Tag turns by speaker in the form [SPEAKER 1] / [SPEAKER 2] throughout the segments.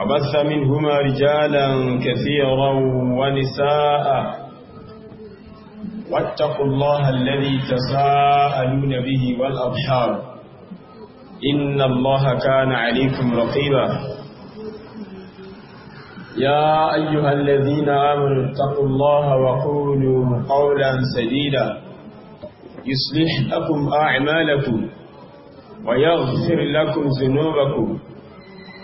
[SPEAKER 1] وبث منهما رجالا كثيرا ونساء واتقوا الله الذي تساءلون به والأضحار إن الله كان عليكم رقيبا يا أيها الذين آمنوا اتقوا الله وقولوا قولا سديدا يصلح لكم أعمالكم ويغفر لكم ذنوبكم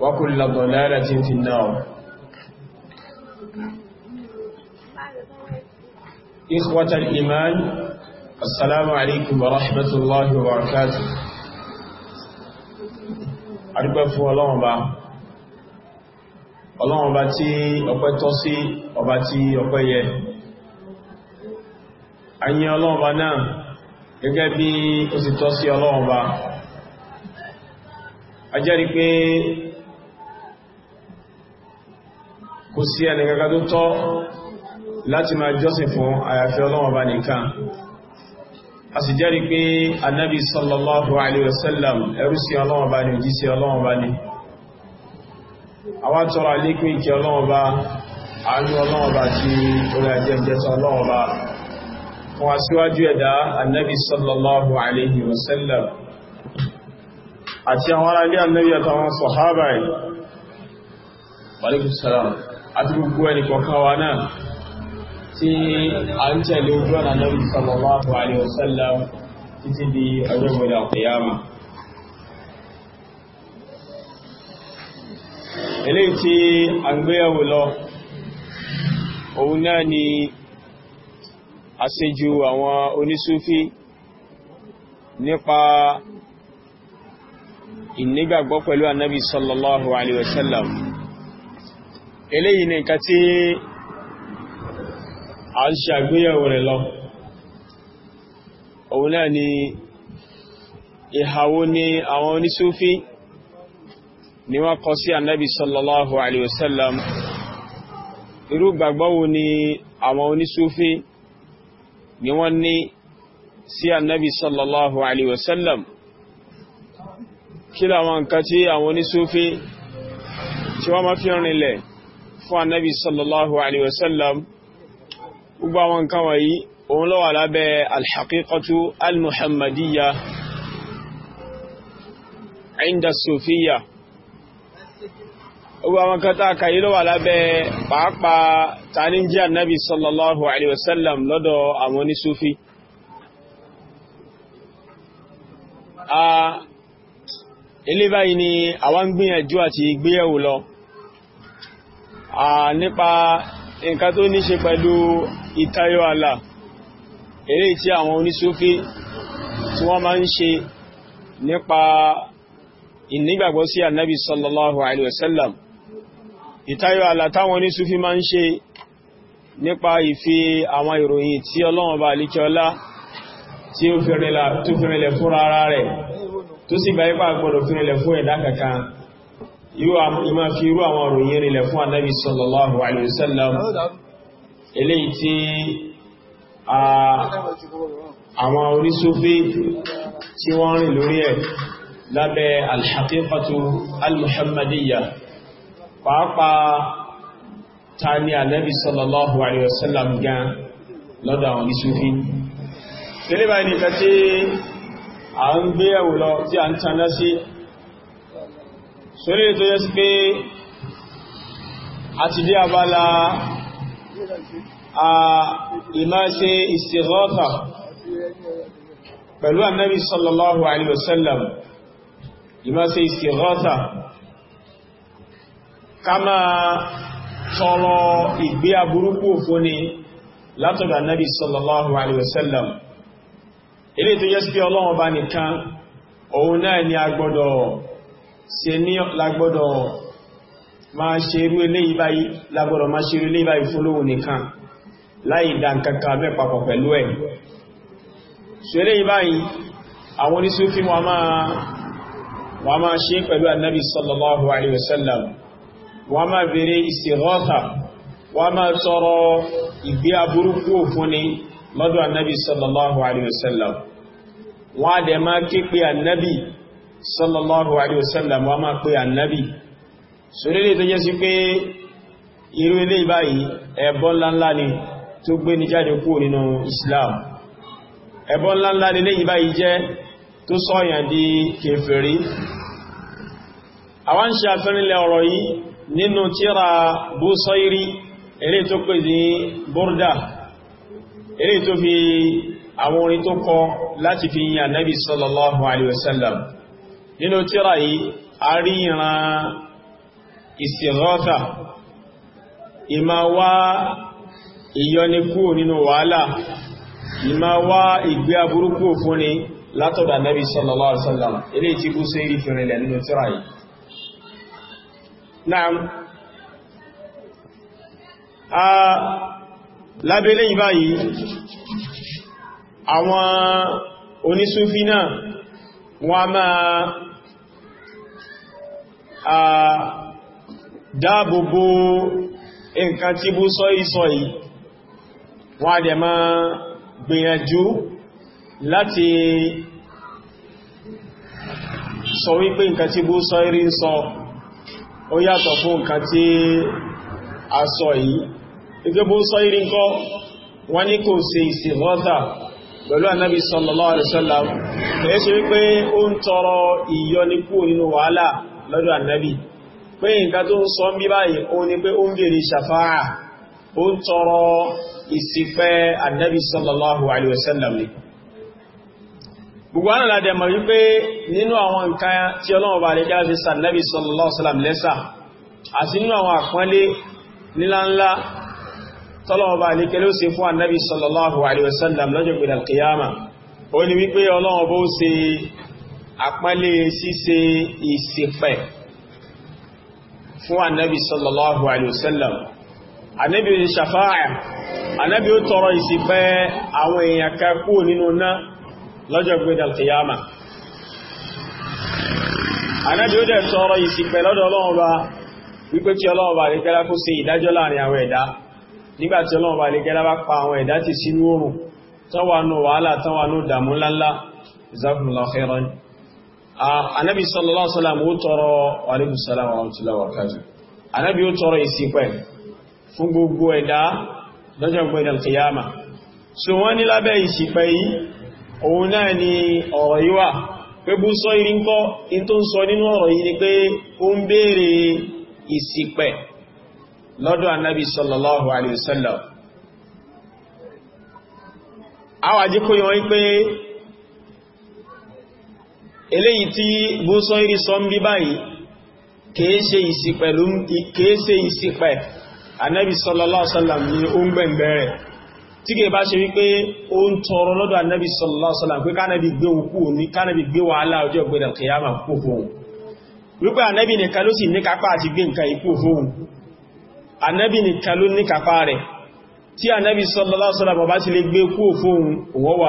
[SPEAKER 1] وكل ضلالة في النار إخوة الإيمان السلام عليكم ورحمة الله وبركاته أربف ولومبا ọlọ́wọ́ba tí ọpẹ́ tọ́ sí ọba tí ọpẹ́ yẹ ayé ọlọ́wọ́ba náà gẹ́gẹ́ bí ó sì tọ́ sí ọlọ́wọ́ba a jẹ́rìí pé kò sí ẹnìkaka tó tọ́ láti máa jọ́sìn fún àyàfi Ọlọ́run Ọba nìkan a sì jẹ́rìí pé annabi sallallahu alaihi wasallam ẹrú sí Ọlọ́run Ọba ni òjí sí Ọlọ́run Ọba ni àwọn tọrọ alékún ìkẹ Ọlọ́run Ọba àánú Ọlọ́run Ọba ti orí ajẹ́mjẹta Ọlọ́run Ọba wọn síwájú ẹ̀dá annabi sallallahu alaihi wasallam àti àwọn aráalé annabi àtàwọn sọ̀hábà ẹ̀ àti gbogbo ẹni kọ̀ọ̀káwa náà tí a ń tẹ̀lé ojú ọ̀nà Ànábì sallallahu alaihi wasallam títí di ọjọ́ ìwọ̀dà qiyama eléyìí tí a ń gbéyàwó lọ òun náà ni àṣejù àwọn onísúfí nípa ìnígbàgbọ́ pẹ̀lú Ànábì sallallahu alaihi wasallam eléyìí ni nǹkan tí a ń ṣe àgbéyẹ̀wò rẹ̀ lọ òun náà ni ìhàwó ni àwọn onísúfí ni wọ́n kọ sí annabi sallallahu alayhi wasallam irú gbàgbọ́ wo ni àwọn onísúfí ni wọ́n ní sí annabi sallallahu alayhi wasallam kí làwọn nǹkan tí àwọn onísúfí tí wọ́n máa fi rìnlẹ̀ fún annabi sallallahu alaihi wasallam gbogbo àwọn nǹkan wọ̀nyí òun ló wà lábẹ́ alhaqiqatu almuhammadiyya inda sufiya gbogbo àwọn kan táa kàyí ló wà lábẹ́ pàápàá tàní jẹ́ annabi sallallahu alaihi wasallam lọ́dọ̀ àwọn onísúfí a ilé báyìí ni àwọn gbìyànjú àti ìgbéyàwó lọ nípa nǹkan tó ní ṣe pẹ̀lú ìtayọ àlà eré tí àwọn oníṣúfí tí wọ́n máa ń ṣe nípa ìnígbàgbọ́ sí ànábì sallallahu alaihi wasallam ìtayọ àlà táwọn oníṣúfí máa ń ṣe nípa ìfi àwọn ìròyìn tí ọlọ́wọ́n bá alikiola tí ó fìrìnlẹ̀ fún ara rẹ̀ tó sì bá ipá gbọ́dọ̀ fìrìnlẹ̀ fún ẹ̀dá kankan ìmá fi irú àwọn òròyìn rinlẹ̀ fún annabi sallallahu alaihi wasallam eléyìí tí àwọn onísúfí tí wọ́n rìn lórí ẹ̀ lábẹ́ alhaqiqatu almuhammadiyya pàápàá ta ni annabi sallallahu alaihi wasallam gan lọ́dọ̀ àwọn onísúfí tẹ́lẹ̀bá ní kàtí ń gbé ẹ̀wù lọ tí a ń taná sí sórí ètò yẹ́ sí pé a ti dé abala a ìmá ṣe ìsìgọ́ta pẹ̀lú annabi sallallahu alaihi wasallam ìmá ṣe ìsìgọ́ta ká máa tọrọ ìgbé aburúkú fún ni látọ̀dọ̀ annabi sallallahu alaihi wasallam ilé tó yẹ́ sí pé ọlọ́wọ́ bá nìkan òun náà ni a ṣe ní lágbọ́dọ̀ máa ṣe irú eléyìí báyìí lágbọ́dọ̀ máa ṣe irú eléyìí báyìí fún lóhun nìkan láì dá nǹkankan bẹ́ papọ̀ pẹ̀lú ẹ̀ ṣe eléyìí báyìí àwọn oníṣúfí wọn máa ṣe pẹ̀lú annabi sallallahu alaihi wasallam wọ́n máa bèèrè ìsìrọ́ta wọ́n máa tọrọ ìgbé aburúkú òfúnni lọ́dọ̀ sallallahu alaihi wasallam wọ́n á dẹ̀ máa ké pe sallallahu alayhi wa sallam wa máa pé annabi sórílẹ̀ tó jẹ́ sí pé irú ilé ìbáyìí ẹ̀bọ́n ńláńlá ni tó gbé ní jáde kú nínú Islam ẹ̀bọ́n ńláńlá ni léyìí báyìí jẹ́ tó sọ́yàn di kèfèrí àwọn ṣe àfẹ́rinlẹ̀ ọ̀rọ̀ yìí nínú tíra Busairi eré tó pè ní Burda eré tó fi àwọn orin tó kọ láti fi yìn Ànábì sallallahu alaihi wasallam nínú tírà yìí a rí ìran ìsìnrọ́ta ìmá wá ìyọni kúrò nínú wàhálà ìmá wá ìgbé aburúkú fún látọ̀dà Nabi sallallahu alaihi wasallam ilé tí bú sí ìfìrìnlẹ̀ A lábẹ́lẹ́ ìbáyìí, àwọn onísúfí náà wọ́n máa a dáàbòbò nǹkan tí bú sọ ìsọ yìí wọ́n a dẹ̀ máa gbìyànjú láti sọ wípé nǹkan tí bú sọ irí ń sọ ó yàtọ̀ fún nǹkan tí a sọ yìí ìgbé bú sọ irí ńkọ́ wọ́n ní kò ṣe ìsìnrọ́dà pẹ̀lú wípé ó ń tọrọ nínú lọ́dọ̀ ànábì pé nǹkan tó ń sọ ń bí báyìí ó ní pé ó ń bèèrè ṣàfáà ó ń tọrọ ìsìfẹ́ ànábì sallallahu alaihi wasallam ni gbogbo ánà láti ẹ̀mọ̀ wípé nínú àwọn nǹkan tí ọlọ́run bá lè kí a fi sànábì sallallahu alaihi wasallam lẹ́sà àti nínú wípé ọlọ́run bó ṣe àpẹẹlẹ ṣíṣe ìsìpẹ̀ fún annabi sallallahu alaihi wasallam annabi ó ṣàfáà annabi ó tọrọ ìsìpẹ̀ àwọn èèyàn kan kú nínú náà lọ́jọ́ gbẹ́dà kìyàmà annabi ó dẹ̀ tọrọ ìsìpẹ̀ lọ́dọ̀ ọlọ́run bá wípé tí ọlọ́run bá lè kẹ́lá kó ṣe ìdájọ́ láàrin àwọn ẹ̀dá anabi ah, sallallahu alaihi wasallam ó tọrọ alaikusalam ọ̀rọ̀tíláwàkájú anábi ó tọrọ ìsìpẹ̀ fún gbogbo ẹ̀dá lọ́jọ́ gbẹ̀dẹ̀ kiyama so wọn yi òun náà ni ọ̀rọ̀ yìí wà pé bú sọ irí ń kọ́ ń sọ nínú ọ̀rọ̀ yìí ni pé ó ń béèrè anabi sallallahu eléyìí tí búsọ irí sọ ń bí báyìí kìí ṣe ìsìpẹ̀ ló ń kìí ìsìpẹ̀ Ànábì sallallahu alaihi wasallam ní ó ń gbẹ̀m̀bẹ̀ rẹ̀ tí kìí bá ṣe wípé ó ń tọrọ lọ́dọ̀ Ànábì sallallahu alaihi wasallam pé kánàbì gbé òkú ní kánàbì gbé wàhálà ọjọ́ gbẹ̀dẹ̀ kìyàmà kú fóun wípé Ànábì nìkan ló sì ní kápá àti gbé nǹkan ikú fóun Ànábì sallallahu alaihi wasallam bá sì lè gbé kú fóun òwọ́wà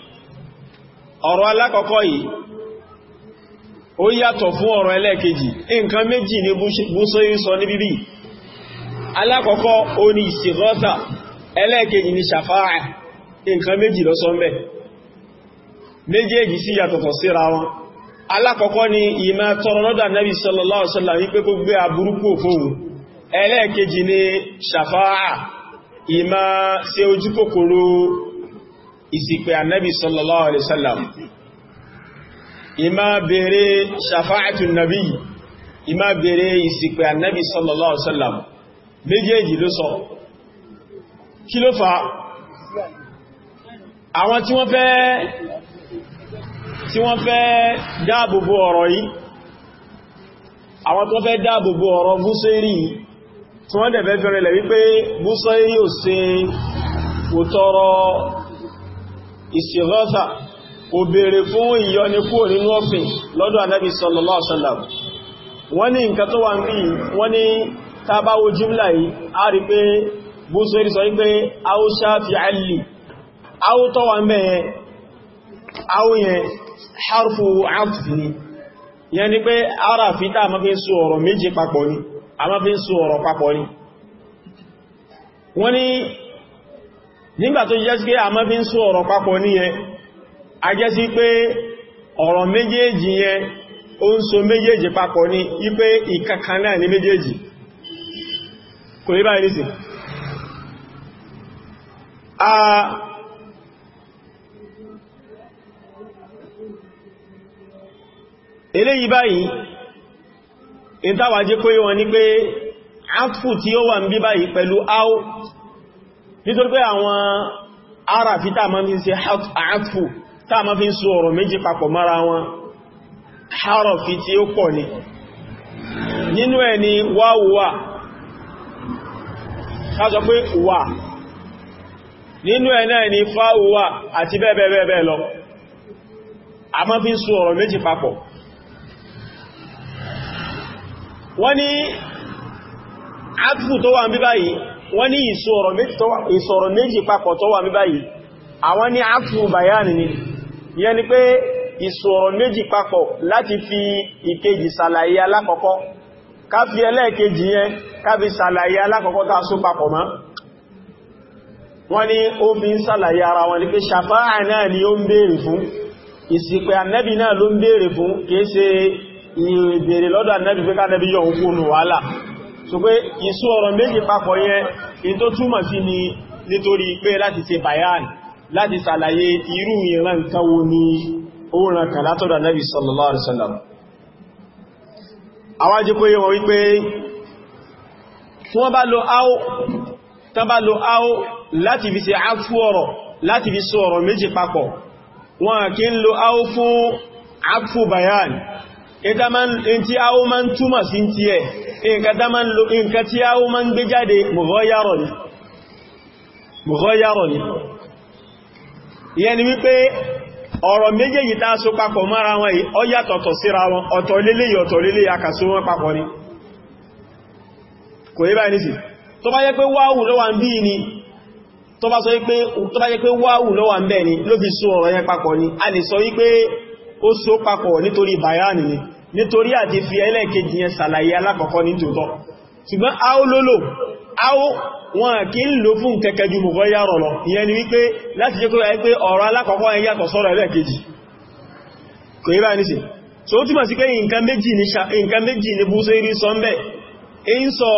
[SPEAKER 1] ọ̀rọ̀ alákọ̀ọ́kọ́ yìí ó yàtọ̀ fún ọ̀rọ̀ ẹlẹ́ẹ̀kejì nǹkan méjì ni búsóyí sọ ní bíbí alákọ̀ọ́kọ́ ó ní ìsìgọ́ta ẹlẹ́ẹ̀kejì ni ṣàfáà sọ sí tọrọ ẹlẹ́ẹ̀kejì ni ojú kòkòrò ìsìpẹ̀ annabi sallallahu alaihi wasallam ìmá bèèrè ṣàfáàtù nàbí ìmá bèèrè ìsìpẹ̀ annabi sallallahu alaihi wasallam méjèèjì ló sọ kí ló fa àwọn tí wọ́n fẹ́ tí wọ́n fẹ́ dáàbòbò ọ̀rọ̀ yìí àwọn tó fẹ́ dáàbòbò ọ̀rọ̀ búsẹ́rì tí wọ́n dẹ̀ fẹ́ wípé búsẹ́rì ò ṣe òtọrọ ìsìgọ́ta ó béèrè fún ìyọni kúrò nínú òfin lọ́dọ̀ anábi sallallahu alaihi wasallam wọ́n ní nǹkan tó wà ń yìí a rí pé mẹ́yẹn harfu yẹn ni pé ara fita fi ń ni a fi ń ni wọ́n nígbà tó jẹ́ sí pé a mọ́ fi ń sọ ọ̀rọ̀ papọ̀ níyẹn a jẹ́ sí pé ọ̀rọ̀ méjèèjì yẹn ó ń so méjèèjì papọ̀ ní ipé ìkankan náà ní méjèèjì kò rí báyìí nìsìn eléyìí báyìí ìtawàjẹ́ pé wọn ní pé tí ó wà ń bí báyìí pẹ̀lú nítorí pé àwọn ara fi tàà máa fi ṣe àátfù tàà máa fi ń so ọ̀rọ̀ méjì papọ̀ mara wọn àárọ̀ fi tí ó pọ̀ ni nínú ẹ̀ ni wáwù wà ká pé wà nínú ẹ̀ náà ni fáwù wà àti bẹ́ẹ̀bẹ́ẹ̀bẹ́ẹ̀ lọ a máa fi ń so ọ̀rọ̀ méjì papọ̀ wọ́n ni àátfù tó wà ń bí báyìí wọ́n ní ìsọ̀rọ̀ méjì papọ̀ tó wà ní báyìí àwọn ní áfù bayani ni yẹn ni pé ìsọ̀rọ̀ méjì papọ̀ láti fi ìkejì sàlàyé alákọ̀ọ́kọ́ ká fi ẹlẹ́ẹ̀kejì yẹn ká fi sàlàyé alákọ̀ọ́kọ́ tá sún papọ̀ mọ́ wọ́n ni ó fi ń sàlàyé ara wọn ni pé ṣàfáà náà ni ó ń fún lọ́dọ̀ so pé ìsú ọ̀rọ̀ méjì papọ̀ yẹ in tó túmọ̀ sí ni nítorí pé láti ṣe bayan láti ṣàlàyé irú ìran nǹkan wo ni ó ràn kàn látọ̀dọ̀ Nabi sallallahu alaihi wasallam àwájí kó yé wọn wípé tí wọ́n bá lo áó tán bá lo áó láti fi ṣe áfú ọ̀rọ̀ láti fi so ọ̀rọ̀ méjì papọ̀ wọn kí ń lo áó fún áfú bayan ìta tí áó máa ń túmọ̀ sí ti nǹkan tí áwó máa ń gbé jáde mọ̀gọ́yàrọ̀ ni mọ̀gọ́yàrọ̀ ni ìyẹn ni wípé ọ̀rọ̀ méjèèjì tá a so papọ̀ mọ́ra wọn yìí ó yàtọ̀tọ̀ síra wọn ọ̀tọ̀ lélé ọ̀tọ̀ lélé akàsó wọn papọ̀ ni kò yé báyìí nìsí tó bá yẹ pé wáwù ló ń bí ni tó bá yẹ pé wáwù ló ń bẹ̀ ni ló fi so ọ̀rọ̀ yẹn papọ̀ ni a lè sọ wípé ó so papọ̀ nítorí bàyánì ni nítorí àti fi ẹlẹ́ẹ̀kejì yẹn sàlàyé alákọ̀ọ́kọ́ ní tòótọ́ ṣùgbọ́n a ó lólò a ó wọn kí ń lò fún kẹkẹ mọ̀kọ́ yàrọ̀ lọ ìyẹn ni wípé láti jẹ́ kúrò pé ọ̀rọ̀ alákọ̀ọ́kọ́ yẹn yàtọ̀ sọ́rọ̀ ẹlẹ́ẹ̀kejì kò yíra ní sí so ó túnmọ̀ sí pé nǹkan méjì ni búṣe rí sọ mẹ́ ń sọ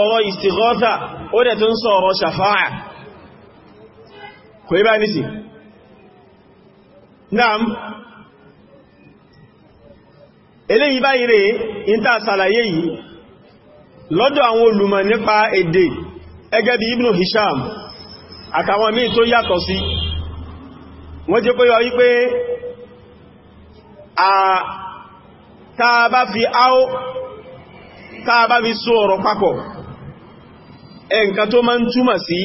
[SPEAKER 1] eléyìí báyìí rẹ̀ ìntà sàlàyé yìí lọ́dọ̀ àwọn olùmọ̀ nípa èdè ẹgẹ́ bí Ibn Hisham àtàwọn míì tó yàtọ̀ sí wọ́n jẹ́ pé yọ wípé a táa bá fi áó táa bá fi só ọ̀rọ̀ papọ̀ ẹnkà tó máa ń túmọ̀ sí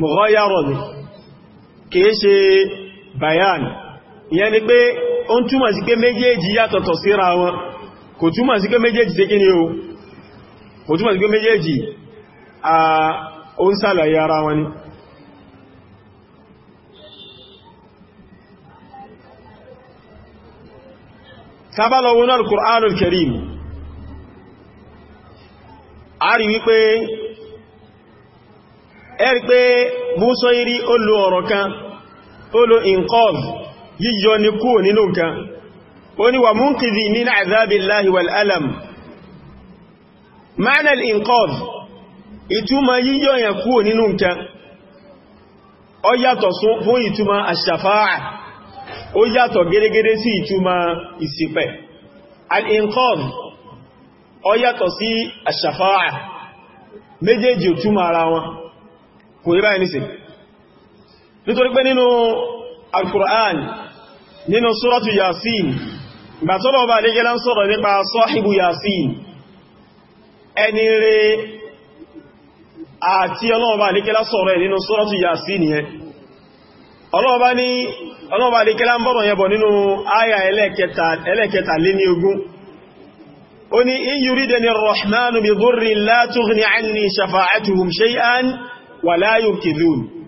[SPEAKER 1] mọ̀họ́yárọ̀ ni kìí ṣe bayan ìyẹn ni pé ó ń túmọ̀ sí pé méjèèjì yàtọ̀tọ̀ síra wọn kò túmọ̀ sí pé méjèèjì ṣe kíni o kò túmọ̀ sí pé a ó ń sàlàyé ara wọn ni sábàlọ́wọ́ náà Karim a rí wípé ẹ̀rí pé muso ó lo ọ̀rọ̀ kan ó lo inqadh yíyọ ni kúrò nínú nǹkan ó ní wà múnkìdì ní àzábìláhì wal alam manal inqadh ìtumọ̀ yíyọ yẹn kúrò nínú nǹkan ó yàtọ̀ fún ìtumọ̀ àṣàfáà ó yàtọ̀ gẹ́gẹ́gẹ́ sí ìtumọ̀ ìsìpẹ̀ al-Qur'an nínú súrọ́tù yasin bá tọ́lọ̀ bá lè gẹ́lá ń sọ̀rọ̀ nípa sọ́hìbù yasin ẹni rẹ̀ àti ọlọ́ọ̀bá lè gẹ́lá sọ̀rọ̀ nínú súrọ́tù yasin yẹn ọlọ́ọ̀bá ní ọlọ́ọ̀bá lè gẹ́lá ń bọ̀rọ̀ yẹbọ̀ nínú áyà ẹlẹ́kẹta lé ní ogún ó ní in yuridani ar-rahmanu bi dhurrin la tughni anni shafa'atuhum shay'an wa la yunqidhun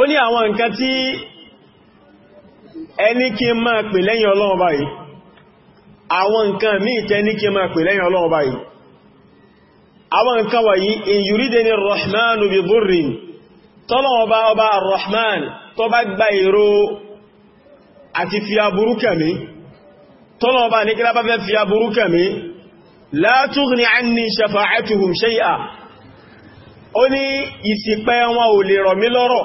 [SPEAKER 1] ó ní àwọn nǹkan tí ẹni kí n máa pè lẹ́yìn ọlọ́run báyìí àwọn nǹkan míì tẹ́ ní kí n máa pè lẹ́yìn ọlọ́run báyìí àwọn nǹkan wọ̀nyí in yurideni rahmanu bi burrin tọ́lọ́wọ́ bá ọba rahman tó bá gba èrò àti fi aburú kẹ̀mí tọ́lọ́wọ́ bá nígbà bá fẹ́ fi aburú kẹ̀mí la tughni anni shafa'atuhum shay'a ó ní ìsìpẹ́ wọn ò lè rọ̀ mí lọ́rọ̀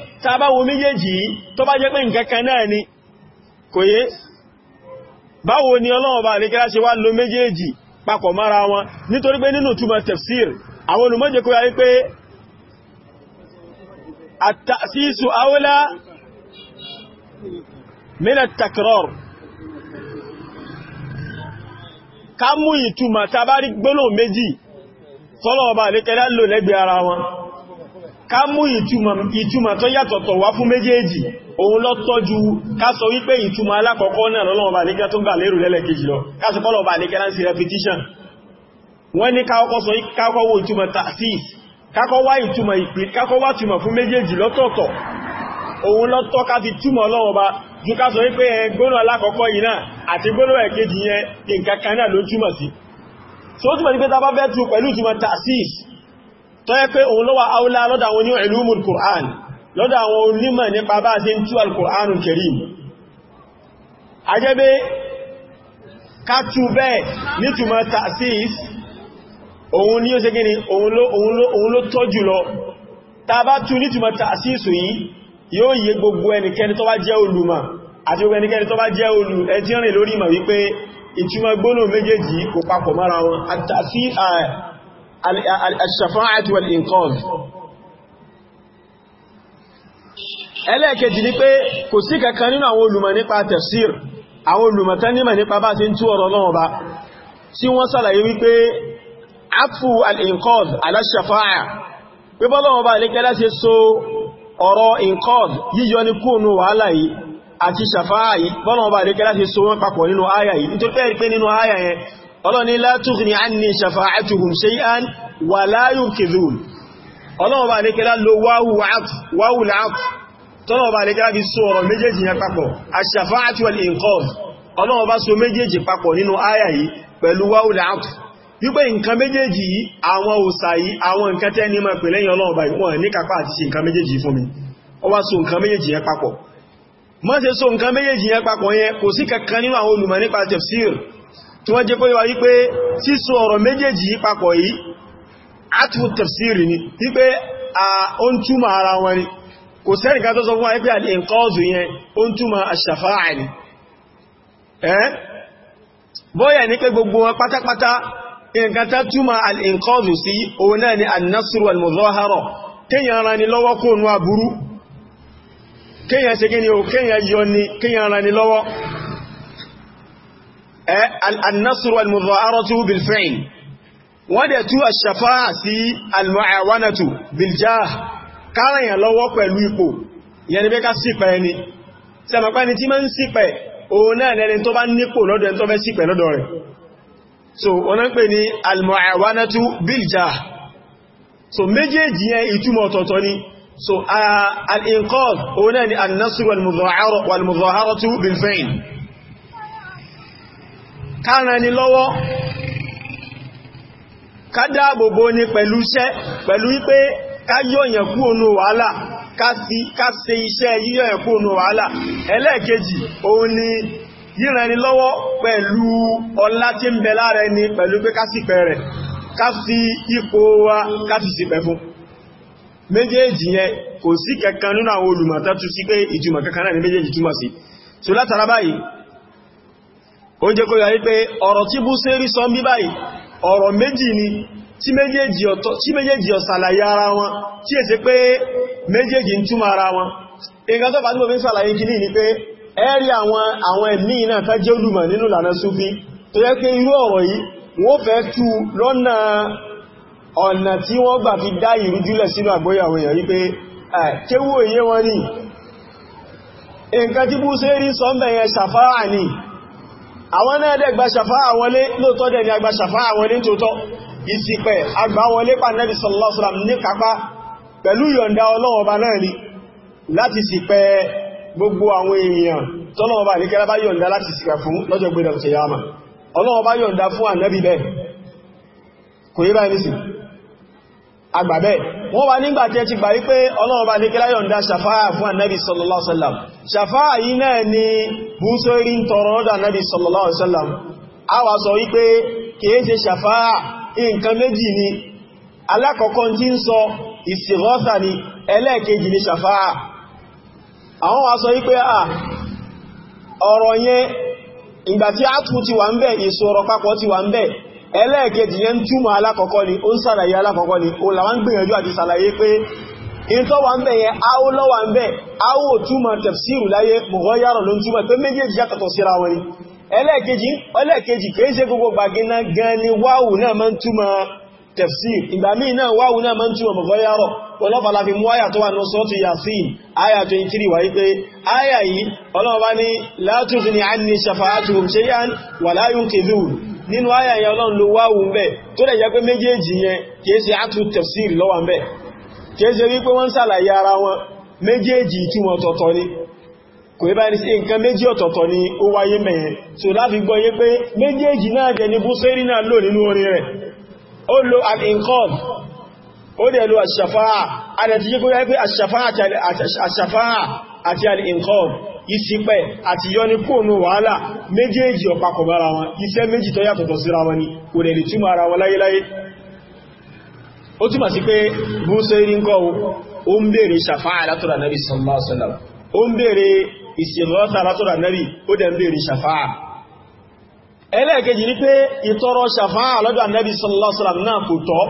[SPEAKER 1] tàbá wo méjèèjì tó bá jẹ́ pé nǹkan kan náà ni kò yé báwo ni Ọlọ́run bá àríkẹ́lá ṣe wá lo méjèèjì papọ̀ mára wọn nítorí pé nínú túmọ̀ tafsir àwọn olùmọ́jẹ́ kó yáyí pé àtàṣíṣù awla min at ká mú ìtumọ̀ tàbá rí gbólóhùn méjì tọ́lọ̀ ọba àríkẹ́lá lò lẹ́gbẹ̀ẹ́ ara wọn ka mú ìtumọ̀ tó yàtọ̀tọ̀ wá fún méjèèjì òun lọ tọ́jú ká sọ wípé ìtumọ̀ alákọ̀ọ́kọ́ náà lọ́lọ́wọ́ bá níkẹ́ tó gbà lérò lẹ́lẹ́kejì lọ ká sọ kọ́lọ̀ bá ní kákọ́ wo ìtumọ̀ tasis kákọ́ wá ìtumọ̀ ìpín kákọ́ wá ìtumọ̀ lọtọ ju kaso sọ wípé gbónà alákọ̀ọ́kọ́ yìí ati àti gbónà tó yẹ pé òun lọ́wà áúlá lọ́dà wọn ní ìlúmùn Kùrán lọ́dà wọn onímọ̀ nípa bá ṣe ń tú al-Kùránù Karim a jẹ́ pé kàtù bẹ́ẹ̀ nítùmọ̀ tàṣís òun ní ó ṣe gíní òun ló tọ́ jùlọ ta bá tú nítùmọ̀ tàṣís yìí yóò yé gbogbo ẹnikẹ́ni tó bá jẹ́ olùmọ̀ àti gbogbo ẹnikẹ́ni tó al-shafa'ati wal-inqadh ẹlẹ́ẹ̀kejì ni pé kò sí kankan nínú àwọn olùmọ̀ nípa tafsir àwọn olùmọ̀ tán nímọ̀ nípa bá ti ń tú ọ̀rọ̀ náà bá tí wọ́n sàlàyé wípé afu al-inqadh àti shafa'a yìí bọ́lọ́wọ́ bá níkẹ́ láti so wọ́n papọ̀ nínú áyà yìí nítorí pé nínú áyà yẹn ọlọ́ni la tughni anni shafa'atuhum shay'an wa la yunkidhun ọlọ́wọ́ bá ní kẹlá lo wáwù láàpù tọ́lọ́wọ́ bá ní kẹlá fi so ọ̀rọ̀ méjèèjì yẹn papọ̀ ash-shafa'atu wal inqadh ọlọ́wọ́ bá so méjèèjì papọ̀ nínú áyà yìí pẹ̀lú wáwù láàpù wípé nǹkan méjèèjì yìí àwọn òsà yìí àwọn nǹkan tẹ́ ní ma pè lẹ́yìn ọlọ́wọ́ bá wọn ní kápá àti ṣe nǹkan méjèèjì fún mi ó wá so nǹkan méjèèjì yẹn papọ̀ mọ́ ṣe so nǹkan méjèèjì yẹn papọ̀ yẹn kò sí kankan nínú àwọn olùmọ̀ nípa tafsir tí wọ́n jẹ́ kó yíwa wípé sísọ ọ̀rọ̀ méjèèjì yí papọ̀ yìí átùfù tafsiri ni wípé a ó ń túmọ̀ ara wọn ni kò sẹ́nìká tó sọ fún wa wípé àlè nǹkan ọ̀zù yẹn ó ń túmọ̀ àṣàfáà ni bóyẹ̀ ní pé gbogbo wọn pátápátá nǹkan tá túmọ̀ kí ni o kéèyàn yọ ni kéèyàn ra ni lọ́wọ́ النصر والمظاهرة بالفعل ودتو الشفاعة المعاونة بالجاه كان يلوى pẹ̀lú يعني بيكا سيبا يعني سيما قاني تي من سيبا اونا لين تو بان نيبو لودو ان تو سيبا لودو so ona pe ni بالجاه. so méjèèjì yẹn ìtumọ̀ ọ̀tọ̀ọ̀tọ̀ ni so al inqadh ona ni an-nasr wal kára ni lọ́wọ́ ká dáàbòbò ni pẹ̀lú iṣẹ́ pẹ̀lú wípé ká yọ̀yàn kú ònú wàhálà ká ṣe iṣẹ́ yíyọ̀yàn kú ònú wàhálà ẹlẹ́ẹ̀kejì òun ni yíran ni lọ́wọ́ pẹ̀lú ọlá tí ń bẹ lára ẹni pẹ̀lú pé ká sípẹ̀ rẹ̀ ká fi ipò wa ká fi sípẹ̀ fún méjèèjì yẹn kò sí kẹ̀kan nínú àwọn sí pé náà méjèèjì ó jẹ́ kó yọ wípé ọ̀rọ̀ tí bú sérí sọ bí báyìí ọ̀rọ̀ méjì ni tí méjèèjì ọ̀sàlàyé ara wọn tí è sí pé méjèèjì ń túmọ̀ ara wọn nǹkan tó fi ń sàlàyé kìíní ni pé ẹ́rí àwọn àwọn ẹ̀mí náà ká jẹ́ olùmọ̀ nínú ìlànà súfí tó yẹ pé irú ọ̀rọ̀ yìí wọ́n fẹ́ tú lọ́nà ọ̀nà tí wọ́n gbà fi dá ìrújúlẹ̀ sínú àgbóyàwó èèyàn wípé kéwò èyé wọn ni nǹkan tí bú sérí sọ ń bẹ̀yẹn ṣàfáà ni àwọn náà dẹ̀ gba ṣàfá àwọlé lóòtọ́ dẹ̀ ni a gba ṣàfá àwọlé tóótọ́ ìsìpẹ̀ agbáwọlé pàdánàbì sallallahu alaihi wasallam ní kápá pẹ̀lú yọ̀ǹda ọlọ́wọ̀ba náà ni láti ṣìpẹ̀ gbogbo àwọn èèyàn tọ́lọ́wọ̀ba ní kẹ́lá bá yọ̀ǹda láti ṣìpẹ̀ fún lọ́jọ́ gbẹ̀dẹ̀ ọ̀tẹ̀yàmà ọlọ́wọ̀ba yọ̀ǹda fún ànábì bẹ́ẹ̀ kò yí báyìí nísìnyí agbàbẹ́ wọ́n wá nígbà tí ẹ ti gbà wípé ọlọ́run bá lékẹ́lá yọ̀ǹda ṣàfáà fún ànábì sallallahu alaihi wasallam ṣàfáà yìí náà ni búsórí ń tọrọ ọ́dọ̀ ànábì sallallahu alaihi wasallam a wà sọ ni alákọ̀ọ́kọ́ tí ni ẹlẹ́ẹ̀kejì ni ṣàfáà àwọn wá a tún ti wà ń bẹ̀ ẹlẹ́ẹ̀kejì yẹn ń túmọ̀ alákọ̀ọ́kọ́ ni ó ń sàlàyé alákọ̀ọ́kọ́ ni ó làwọn gbìyànjú àti sàlàyé pé ìntọ́ wà ń bẹ̀ yẹn áwó lọ́wà ń bẹ̀ áwó túmọ̀ tafsiru láyé mọ̀gọ́yàrọ̀ ló ń túmọ̀ pé méjèèjì yàtọ̀tọ̀ síra na ni na ama gbogbo gbàgínà gan ni wáwù náà máa ń túmọ̀ tafsir ìgbà míì náà wáwù nínú àyà yẹn ọlọ́run ló wáwù ń bẹ̀ tó dẹ̀ jẹ́ pé méjèèjì yẹn kìí ṣe átù tafsir lọ́wà ń bẹ̀ kìí ṣe wípé wọ́n sàlàyé ara wọn méjèèjì ìtumọ̀ ọ̀tọ̀ọ̀tọ̀ ni kò ibá sí nǹkan méjì ọ̀tọ̀ọ̀tọ̀ ni ó wáyé mẹ́yẹn so láti gbọ́ yé pé méjèèjì náà jẹ́ ni búṣẹ́rí náà lò nínú orin ó dẹ̀ lo àṣàfáà àdẹ̀tí yíkó yá pé àṣàfáà àti alìǹkan ìsìpẹ̀ àti yọni kóònù wàhálà méjèèjì ọ̀pàkọ̀ bára wọn iṣẹ́ méjì tó yàtọ̀tọ̀ síra wọn ni kò dẹ̀ lè túmọ̀ ara wọn láyéláyé ó túmọ̀ sí pé Busayri ńkọ́ ó ń bèèrè ṣàfáà látọ̀dọ̀ Nabi sallallahu alaihi wasallam ó ń bèèrè ìsìnrọ́ta látọ̀dọ̀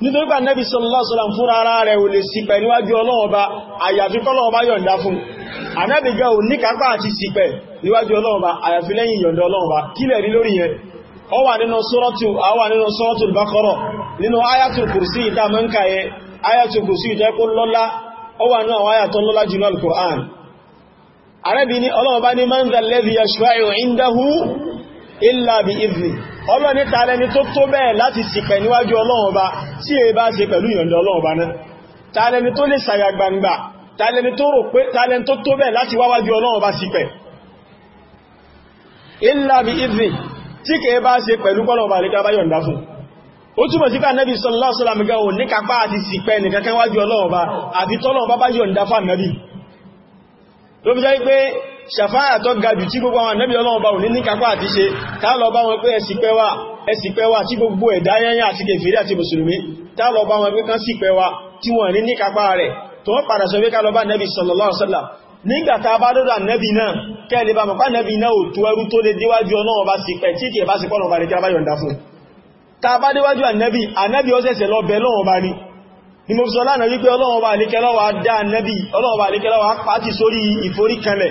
[SPEAKER 1] nítorí pé nẹ́bí sọlọ́sọ́lọ́m fún ara rẹ̀ ò lè sípẹ̀ níwájú ọlọ́ọ̀ba àyàfi kọ́lọ́ọ̀ba yọ̀ǹda fún ànẹ́bìgẹ́ ò ní kápá àti sípẹ̀ níwájú ọlọ́ọ̀ba àyàfi lẹ́yìn yọ̀ǹda ọlọ́ọ̀ba kílẹ̀ rí lórí yẹn ó wà nínú sọ́rọ̀tù àwà nínú sọ́rọ̀tù bákọ́rọ̀ nínú ayatul kùrsí ìta mọ́ǹkà yẹ ayatul kùrsí ìta kó lọ́lá ó wà nínú àwọn ayatọ́ lọ́lá jù náà al-Qur'an arẹ́bì ni ọlọ́ọ̀bá ni man dhal ladhi ọlọ́ni tààlẹni tó tó bẹ́ẹ̀ láti ṣìpẹ̀ níwájú ọlọ́run ọba tí è bá ṣe pẹ̀lú ìyọ̀ndọ̀ ọlọ́run ọba náà tààlẹni tó lè ṣàyà gbangba tààlẹni tó rò pé tààlẹni tó tó bẹ́ẹ̀ láti wáwájú ọlọ́run ọba ṣìpẹ̀ illa bi idhni tí kè bá ṣe pẹ̀lú ọlọ́run ọba lẹ́ka bá yọ̀ǹda ṣàfáyà tó ga jù tí gbogbo àwọn ànábì Ọlọ́run bá ní níkàpá àti ṣe tá lọ bá wọn pé ẹ̀sì pẹ́wà ẹ̀sì pẹ́wà tí gbogbo ẹ̀dá yẹnyẹ àti kèfèrí àti mùsùlùmí tá lọ bá wọn pé kán sì tí wọ́n ní níkàpá rẹ̀ sallallahu alaihi wasallam nígbàtà bá dọ́dọ̀ nẹ́bì náà kẹ́lẹ̀ bá mọ̀pá nẹ́bì náà ò tó ẹrú tó lè déwájú ọlọ́run bá sì pẹ̀ tí kìí bá sì pọ́nà bá lè tí a bá yọ̀ǹda fún ni mo sọ lánàá wípé ọlọ́run bá àlékẹ́lọ́wà dá ànẹ́bì ọlọ́run bá àlékẹ́lọ́wà pàtì sórí ìforíkanlẹ̀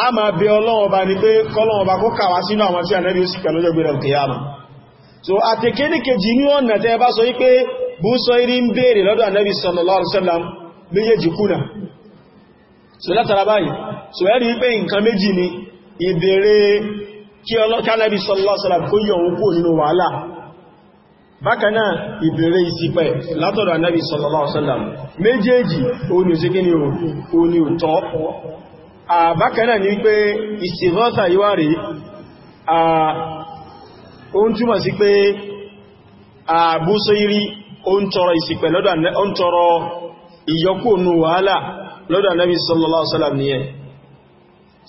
[SPEAKER 1] a máa bẹ ọlọ́wọ́ bá ní pé kọ́lọ́wọ́ bá kó kàwà sínú àwọn tí ànẹ́bí ó sì kàlọ́jọ́ so àtẹ̀kẹ́ ní kejì ní ọ̀nà tẹ́ bá sọ wípé búsọ irí ń bèèrè lọ́dọ̀ ànẹ́bí sallallahu alaihi wasallam so látara báyìí so ẹ̀rí wípé nǹkan méjì ni ìsìpẹ̀ látọ̀dọ̀ méjèèjì àbákanáà ní pé ìsìgọ́sà yíwá rí à ó ń túmọ̀ sí pé àbúsírí ó ń tọrọ ìsìpẹ̀ lọ́dọ̀ ó ń tọrọ ìyọkù ònú wàhálà lọ́dọ̀ Ànábì sallallahu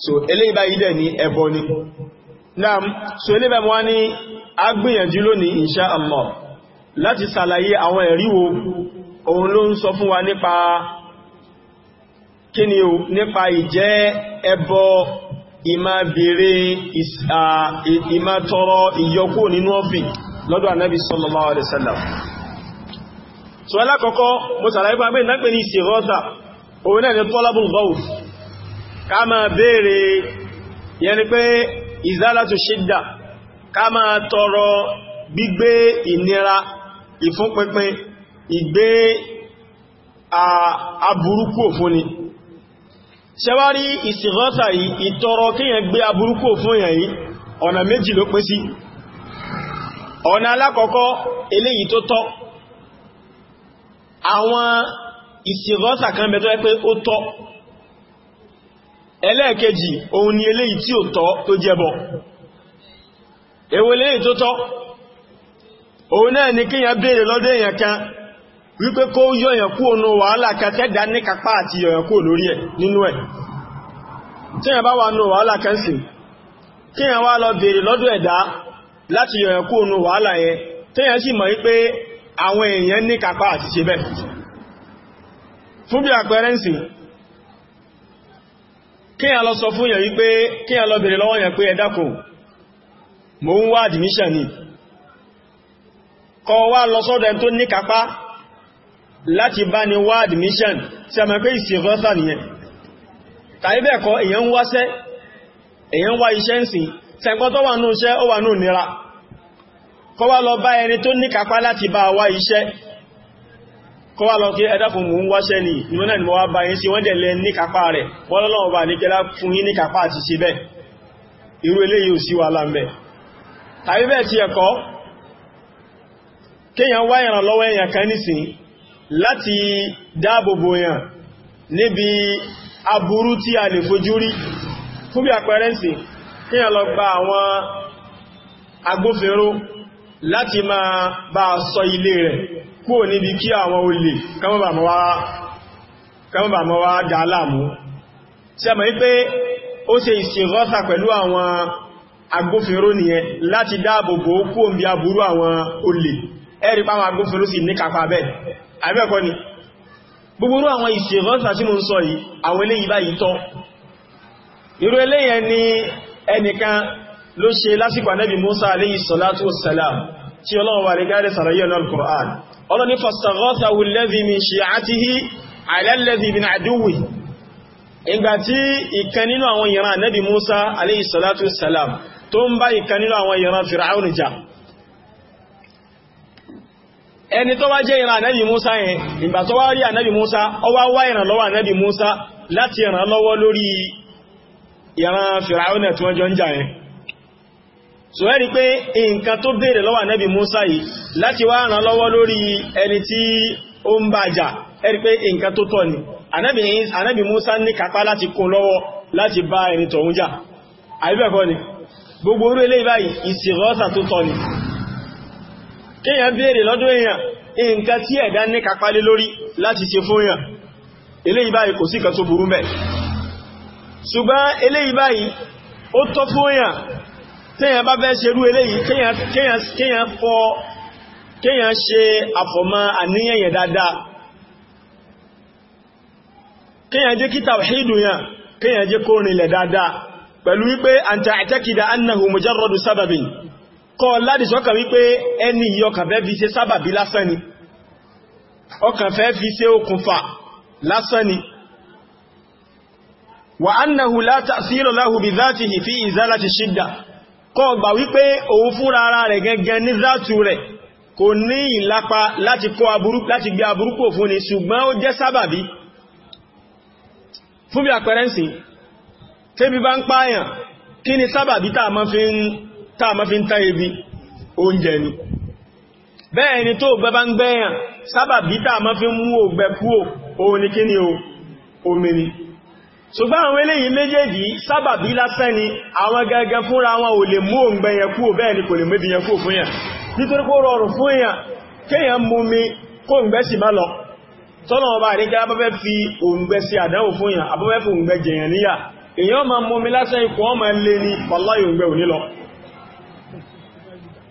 [SPEAKER 1] so eléyìí báyìí dẹ̀ ní ni naam so eléyìí báyìí wá ní agbìyànjú insha Allah láti ṣàlàyé àwọn ẹ̀rí wo òun ló ń kí ni o nípa ìjẹ́ ẹbọ ìmá bèèrè ìmá tọrọ ìyọkó nínú ọ̀fìn lọ́dọ̀ Ànábì sallallahu alaihi wasallam so alákọ̀ọ́kọ́ mo sàlàyé pa pé ìdápẹ̀ ní ìsìrọ́ta òun náà ni tọ́lábùn gọ́ùf ká máa bèèrè yẹn ni pé ìzálàtù ṣídà ká máa tọrọ gbígbé ìnira ìfúnpínpín ìgbé aburúkú òfúnni ṣẹwárí ìsìnkọ́ta yìí ìtọrọ kíyàn gbé aburúkú fún èyàn yìí ọ̀nà méjì ló pín sí ọ̀nà alákọ̀ọ́kọ́ eléyìí tó tọ́ àwọn ìsìnkọ́ta kan bẹ̀ tó yẹ pé ó tọ́ ẹlẹ́ẹ̀kejì òun ni eléyìí tí ò tọ́ tó jẹbọ èwo eléyìí tó tọ́ òun náà ni kíyàn béèrè lọ́dọ̀ èyàn kan wípé kó yọ̀yàn kú ònú wàhálà kan tẹ́dà ní kapá àti yọ̀yàn kú lórí ẹ̀ nínú ẹ̀ tí ọ bá wà ní wàhálà kan kí ọ wá lọ bèèrè lọ́dún ẹ̀dá láti yọ̀yàn kú ònú wàhálà yẹn tí sì mọ̀ wípé àwọn èèyàn ní àti ṣe bẹ́ẹ̀ fún bí àpẹẹrẹ ń sìn kí lọ sọ fún wípé kí lọ bèèrè lọ́wọ́ pé mò ń wá láti bá ní wá admission tí a máa pé ìsìnkọ́sà nìyẹn tàbí bẹ́ẹ̀ kọ́ èyàn ń wáṣẹ́ èyàn ń wá iṣẹ́ ń sìn tẹ́gbọ́n tó wà ní iṣẹ́ ó wà ní ìnira kọ́ wá lọ bá ẹni tó ní kápá láti bá wá iṣẹ́ kọ́ lọ kí ẹ mú ń wáṣẹ́ ni ìmọ́ náà ni mo wá bá yín sí wọ́n dẹ̀ lẹ ní kápá rẹ̀ láti dáàbòbò yàn níbi aburú tí a lè fojú rí fún bí àpẹrẹnsì kí yàn lọ gba àwọn agbófinró láti máa bá sọ ilé rẹ̀ kúrò níbi kí àwọn olè kọmọ̀bà mọ́ wá dá láàmú tí a mọ̀ wípé ó ṣe ìṣìrọ́sà pẹ̀lú àwọn agbófinró nìyẹn láti dáàbòbò kúrò níbi aburú àwọn olè ẹ̀rí pàwọn agbófinró sì ní kàfà àbẹ́ẹ̀kọ́ ni gbogbo àwọn ìṣèrántà tí mo ń sọ yìí àwọn eléyìí báyìí tọ́ irú eléyẹn ni ẹnìkan ló ṣe lásìkò ànábì Musa aléyìí sọ́látù wassalam tí ọlọ́run wà ní gáàrẹ̀ sàrayẹ́ náà al-Qur'an ọlọ́ ní fastaghatha alladhi min shi'atihi ala alladhi min aduwwihi ìgbà tí ìkan nínú ẹni tó wá jẹ́ ìran ànábì Musa yẹn ìgbà tó wá rí ànábì Musa ó wá wá ìrànlọ́wọ́ ànábì Musa láti ìrànlọ́wọ́ lórí ìran Fìràúnà tí wọ́n jọ ń jà yẹn so ẹ́rí pé nǹkan tó bèèrè lọ́wọ́ ànábì Musa yìí láti wá ràn lọ́wọ́ lórí ẹni tí ó ń bá jà ẹ́rí pé nǹkan tó tọ́ ni ànábì Musa ní kápá láti kún lọ́wọ́ láti bá ẹni tọ̀hún jà àbí bẹ́ẹ̀ ni gbogbo orú eléyìí báyìí ìsìrọ́sà tó tọ́ ni kéèyàn béèrè lọ́dọ̀ èèyàn nǹkan tí ẹ̀dá ní kapalé lórí láti ṣe fún èèyàn eléyìí báyìí kò sí kan tó burú mẹ́ ṣùgbọ́n eléyìí báyìí ó tọ́ fún èèyàn téèyàn bá fẹ́ ṣe pẹ̀lú wípé an ta'takida annahu mujarradu sababin kọ láti sọ́kà wípé ẹni yìí ọkàn fẹ́ fi ṣe sábàbí lásán ni ọkàn fẹ́ fi ṣe okùnfà lásán ni wà annahu la ta'sira lahu bi dhatihi fi izalati shidda kọ gbà wípé òun fúnra ara rẹ̀ gẹ́gẹ́ ní zátù rẹ̀ kò ní ìlapa láti kó aburú láti gbé aburú kò fún ni ṣùgbọ́n ó jẹ́ sábàbí tá a ma fi ń tá ebi oúnjẹ ni bẹ́ẹ̀ ni tó bẹ́bá ń gbẹ́yàn sábà bí tá a ma fi ń mú ògbẹ́ kúò òun ni kí ni o omi ni ṣùgbọ́n àwọn eléyìí méjèèjì sábà bí lásán ni àwọn gẹ́gẹ́ fúnra wọn ò lè mú òǹgbẹ́ ni kò lè mébi yẹn kúò fún yẹn nítorí tọ́nà ọba àríkẹ́ abẹ́fẹ́ fi òǹgbẹ́ sí àdánwò fún yẹn abẹ́fẹ́ fi òǹgbẹ́ jẹ̀yàn níyà èèyàn ma mú mi lásán ikú ọmọ lé ní pàláyò òǹgbẹ́ òní lọ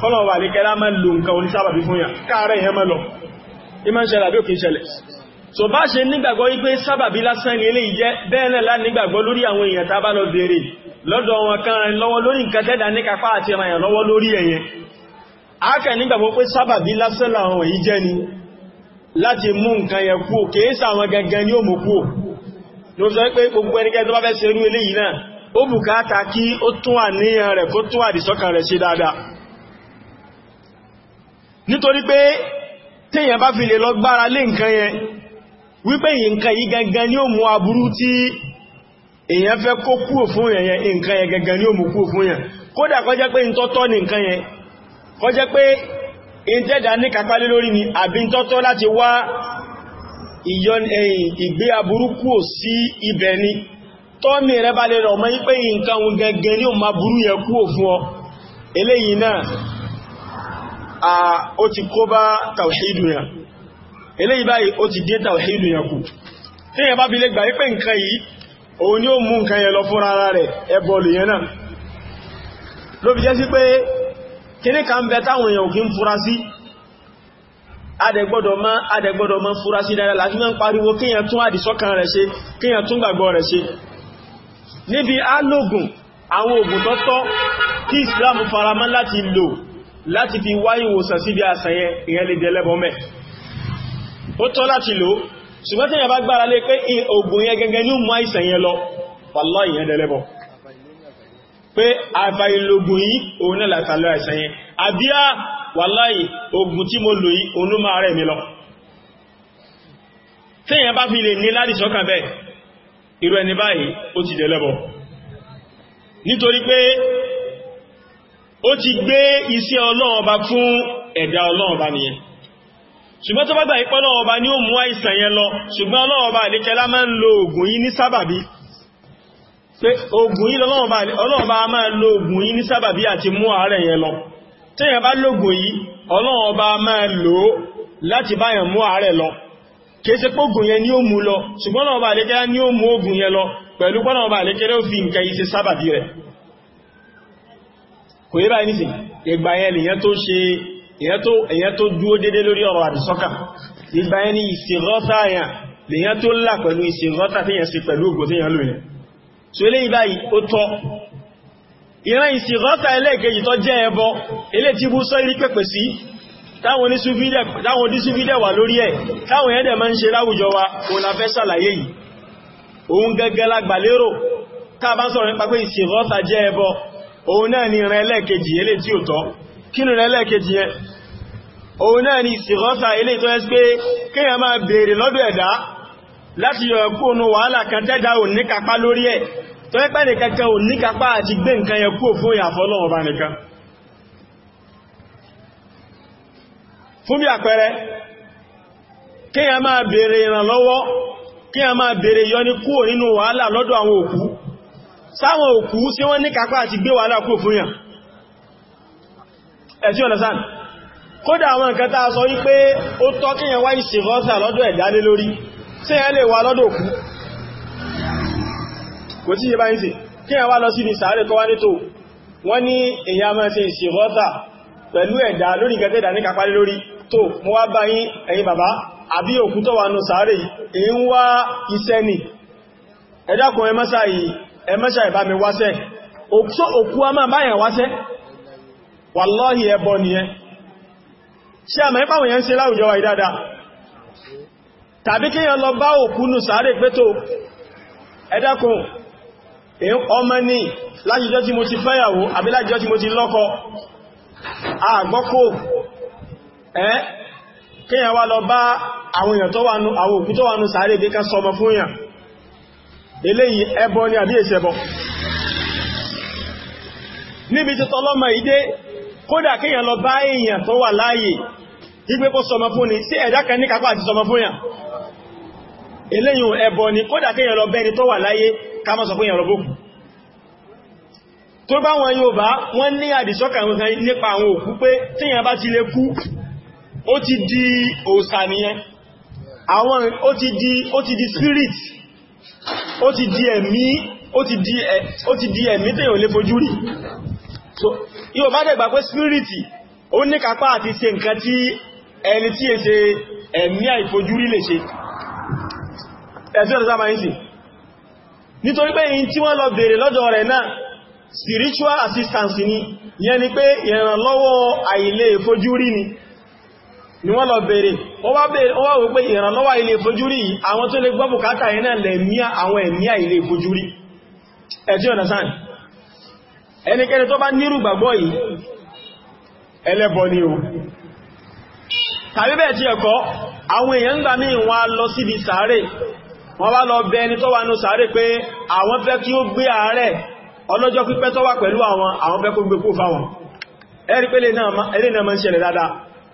[SPEAKER 1] kọ́nà wà ní kẹ́lá máa lò nǹkan onísábàbí fún yàn káàrẹ̀ ìhẹ́ mọ́ lọ ìmọ̀ ìṣẹ̀lẹ̀ àbí òkè ìṣẹ̀lẹ̀ so bá ṣe nígbàgbọ́ wípé sábàbí lásán ní ilé ìjẹ́ bẹ́ẹ̀lẹ̀ lánígbàgbọ́ lórí àwọn èèyàn tá bá lọ bèèrè lọ́dọ̀ wọn kan lọ́wọ́ lórí nǹkan tẹ́dà ní kapá àti ìrànyàn lọ́wọ́ lórí ẹ̀yẹn ákà nígbàgbọ́ pé sábàbí lásán làwọn èyí jẹ́ ni láti mú nǹkan yẹn kú kèésà àwọn gangan ni ó mú kú ló sọ pé gbogbo ẹnikẹ́ni tó bá fẹ́ ṣerú eléyìí náà ó bùkátà kí ó tún àníyàn rẹ̀ kó tún àdìsọ́kàn rẹ̀ ṣe dáadáa nítorí pé téèyàn bá fi lè lọ gbára lé nǹkan yẹn wípé nǹkan yìí gangan ni ó mú aburú tí èèyàn fẹ́ kó kúrò fún yẹn nǹkan yẹn gangan ni ó mú kúrò fún yẹn kódà kó jẹ́ pé ń tọ́tọ́ ní nǹkan yẹn kó jẹ́ pé ń tẹ́dà ní kàpálé lórí ni àbí tọ́tọ́ láti wá eh, ìgbé aburú kúrò sí ibẹ̀ ni tọ́mì rẹ bá lè rọ̀ mọ́ yí pé nǹkan gangan ni ó mú aburú yẹn kúrò fún ọ eléyìí náà a ó ti kó bá tàwíìdù yẹn eléyìí báyìí ó ti dé tàwíìdù yẹn kù tí yẹn bá fi lè gbà wípé nǹkan yìí òun ni ó mú nǹkan yẹn lọ fún ara rẹ̀ ẹbọ lèyẹn náà ló fi jẹ́ sí pé kíní kan bẹ táwọn èèyàn òkín fura sí adẹ̀gbọ́dọ̀ má adẹ̀gbọ́dọ̀ má fura sí dáadáa láti máa ń pariwo kí Islam faramọ́ láti lò láti fi wá ìwòsàn síbi àṣà yẹn ìyẹn lè jẹ lẹ́bọ mẹ́ ó tọ́ láti lò ṣùgbọ́n tí yẹn bá gbára lé pé ògùn yẹn gẹ́gẹ́ ní mú àìsàn yẹn lọ pàlọ́ ìyẹn dẹ̀lẹ́bọ pé àfà yìí òun náà mo lò yìí òun ló máa rẹ̀ mi lọ tí yẹn bá fi lè ní ó ti gbé iṣẹ́ ọlọ́run ọba fún ẹ̀dá ọlọ́run ọba nìyẹn ṣùgbọ́n tó bá gbà ọba ni o mú àìsàn yẹn lọ ṣùgbọ́n ọlọ́run ọba máa ń lo ògùn yìí ní sábàbí pé ògùn lo ògùn yìí ní sábàbí àti mú àárẹ̀ yẹn lọ téèyàn bá ọba máa lò ó láti báyàn mú lọ kìí ṣe pógùn ni ó mú lọ ṣùgbọ́n ọba ni mú ògùn yẹn lọ pẹ̀lú ọba fi nǹkan ṣe kò yí báyìí nìsìn ìgbà yẹn lè yẹn tó ṣe èyàn tó dúó dédé lórí ọ̀rọ̀ àdìsọ́kà ìgbà yẹn ni ìsìnrọ́ta àyàn lè yẹn tó ńlá pẹ̀lú ìsìnrọ́ta tí yẹn sí pẹ̀lú ògbò tí yẹn lóyìn so ilé ìbáyìí ó tọ́ ìran wa òun la fẹ́ sàlàyé yìí òun gẹ́gẹ́ lágbàlérò tá a bá sọ̀rọ̀ nípa pé ìsìnrọ́ta jẹ́ ẹbọ òun náà ni rẹ̀ lẹ́ẹ̀kejì ilé tí ó tọ́ kínú rẹ̀ lẹ́ẹ̀kejì yẹn òun náà ni ìsìnkọ́ta ilé tó ẹ́sì pé kíyàn máa bèèrè lọ́dọ̀ ẹ̀dá láti yọ ẹ̀kúnnú wàhálà kan tẹ́dá ò ní kapá lórí ẹ̀ tó ẹ́pẹ́ nìkankan ò ní kapá sáwọn òkú sí wọ́n ní kápá àti gbé wàhálà kú fún yàn ẹ̀tí ọ̀nà sáà kódà àwọn nǹkan tàà sọ wípé ó tọ́ kí yẹn wá ìṣègọ́sà lọ́dọ̀ ẹ̀dá lé lórí tí yẹn lè wá lọ́dọ̀ òkú kò tí yẹ bá ń ṣe kí yẹn wá lọ sí ibi sàárè kọ́ wá nítò wọ́n ní èyà máa ṣe ìṣègọ́sà pẹ̀lú ẹ̀dá lórí nǹkan yìí ẹ mẹ́ṣà ìbá mi wáṣẹ́ òkú a máa báyàn wáṣẹ́ wàlọ́hì ẹbọ nìyẹn ṣe àmà ìpàwọn yẹn ń ṣe láwùjọ wa ìdáadáa tàbí kíyàn lọ bá òkú nù sáré pétò ẹ dákun ọmọ ní lájíjọ́ tí mo ti fẹ́yàwó àbí lájíjọ́ tí mo ti lọ́kọ àgbọ́kò ẹ́ kíyàn wá lọ bá àwọn eléyìí ẹbọ ni àbí ìṣẹbọ níbi ti tọlọ́mọ ìdé kódà kíyàn lọ bá èèyàn tó wà láàyè ìgbé kó sọmọ fún ni sí ẹ̀dá kan ní kápá àti sọmọ fún yàn eléyìn ẹbọ ni kódà kíyàn lọ bẹ́ni tó wà láàyè ká má sọ fún yàn lọ́bọ̀kù tó di òsà nìyẹn àwọn di ó di spirit ó ti di ẹ̀mí ó di ẹ̀mí tí yóò lè fojú rí so yóò bá dẹ̀gbà pé spiriti ó ní kápá àti ṣe nǹkan tí ẹni tí èsẹ ẹ̀mí àìfojúrí lè ṣe ẹ̀sí ọ̀dọ̀ sáà máa nítorí pé yìí tí wọ́n lọ bèèrè lọ́dọ̀ rẹ̀ náà spiritual assistance ni yẹn ni pé ìrànlọ́wọ́ àìlè ìfojúrí ni ni wọ́n lọ bèèrè ó wá wípé ìrànlọ́wà ilé ìfojúrí àwọn tó lè gbọ́ bùkátà iná lẹ̀míà àwọn ẹ̀míà ilé ìfojúrí ẹ̀tí ọ̀nà sáà ẹnikẹ́ni tó bá nírù gbàgbọ́ yìí ẹlẹ́bọ ni o tàbí bẹ́ẹ̀ tí ẹ̀kọ́ àwọn èèyàn ń gbà ní ìwọ̀n lọ síbi sàárè wọ́n bá lọ bẹ ẹni tó wà ní sàárè pé àwọn fẹ́ kí ó gbé àárẹ̀ ọlọ́jọ́ pípẹ́ tó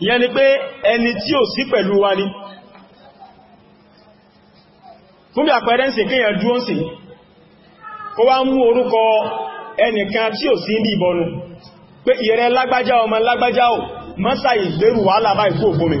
[SPEAKER 1] ìyẹn ni pé ẹni tí ò sí pẹ̀lú wa ni fún bí àpẹẹrẹ ń sì kíyàn dúó sí ó wá mú orúkọ ẹnìkan tí ò sí ní ìbọnù pé ìrẹ lágbájá ọmọ lágbájá ò mọ́sà ìgbérù wàhálà bá ìkú òkú mi ń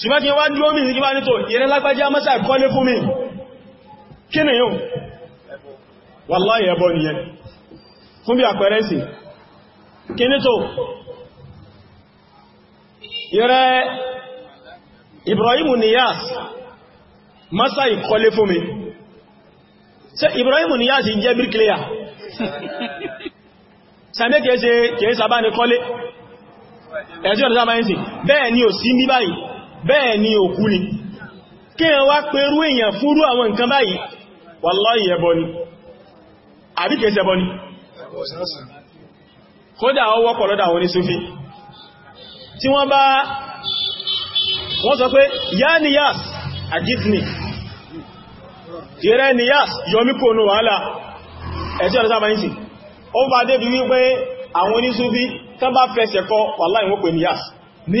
[SPEAKER 1] ṣùgbọ́n kí wá dúró mi sí kí wá ní tó ìrẹ́ lágbàjá mọ́sà kọ́lé fún mi kí ni yóò wàláyé ẹbọ nìyẹn fún bí àpẹẹrẹ sí kí ní tó ìrẹ́ Ibrahim Niyas mọ́sà ìkọ́lé fún mi ṣe Ibrahim Niyas jẹ́ bíríkìlẹ́yà sàmé kìí ṣe kìí sàbá ní kọ́lé ẹ̀sí ọ̀dọ̀ sábáyé sí bẹ́ẹ̀ ni ò sí ní báyìí bẹ́ẹ̀ ni òkú ni kí ẹ wá pẹ̀rú èèyàn fúrú àwọn nǹkan báyìí wallahi ẹbọ ni àbí kìí ṣẹbọ ni kódà ọwọ́ pọ̀lọ́dà tí wọ́n bá wọ́n sọ pé yá ni yás àjífni ìrẹ́ ni yás yọmí kò wàhálà ẹ̀tí ọ̀dọ́ sábà ó bá débi àwọn tán bá kọ ni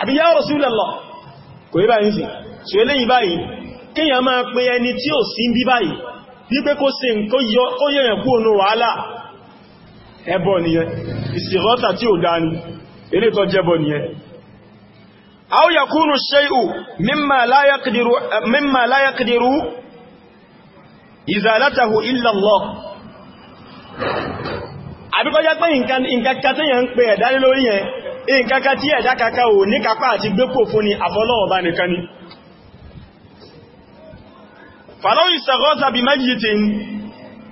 [SPEAKER 1] àbí yá Rasulullah kò rí báyìí sí so eléyìí báyìí kíyàn máa pe ẹni tí ò sí bí báyìí wípé kó ṣe nǹkan yọ ó yẹ̀yàn kú ònú wàhálà ẹbọ nìyẹn ìsìrọ́ta tí ò dání elétọ́ jẹbọ nìyẹn aw yakunu shay'u mimma la yaqdiru mimma la pé nǹkan kàtẹ́yàn ń pe ẹ̀dá lórí yẹn nǹkankan tí ẹ̀dá kaka ò ní kápá àti gbépò fún ni àfọlọ́ọ̀bá nìkan ni fàlọ́wì sàgọ́sà bí méjì tí ń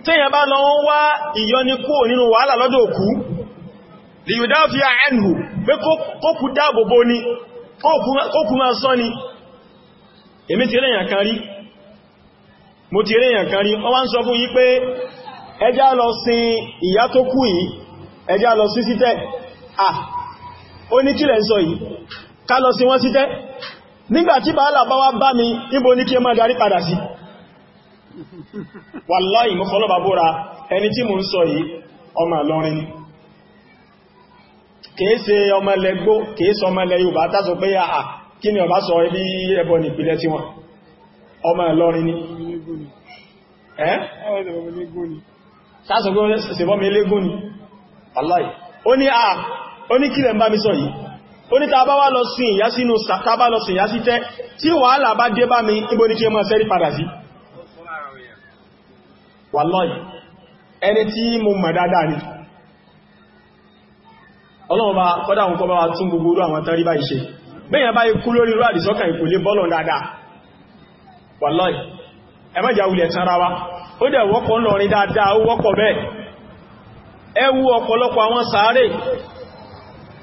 [SPEAKER 1] tíyàn bá lọ wá ìyọnikú nínú wàhálà lọ́dọ̀ òkú ni kókù máa sọ ni èmi ti rèyàn kan rí mo ti rèyàn kan rí wọ́n wá ń sọ fún yí pé ẹjá lọ sin ìyá tó kú yìí ẹjá lọ sí sítẹ̀ ah ó kílẹ̀ ń sọ yìí ká lọ sí wọ́n síṣẹ́ nígbàtí bàálà bá wá bá mi níbo ní kí ẹ máa darí padà sí wàláì mọ́ fọ́lọ́bà bóra ẹni tí mò ń sọ yìí ọmọ Ìlọrin ni kìí ọmọ ilẹ̀ gbó kìí ọmọ ilẹ̀ Yorùbá tásọ pé kí ni ọba sọ ẹbọ tí wọn ọmọ Ìlọrin ni ẹ́ pé ó ní kílẹ̀ ń bá mi sọ yìí ó ní ya wá lọ sí ìyá sínú lọ sí ìyá sí tẹ́ tí wàhálà bá dé bá mi ibo ní kí o máa sẹ́rí padà sí wàlọ́yì ẹni tí mo mọ̀ dáadáa ni ọlọ́run kọ́dá àwọn kọba tún gbogbo orú àwọn tẹ́rí bá iṣẹ́ bẹ́yàn bá ikú lórí irú àdìsọ́kà ìkò bọ́lọ̀ dáadáa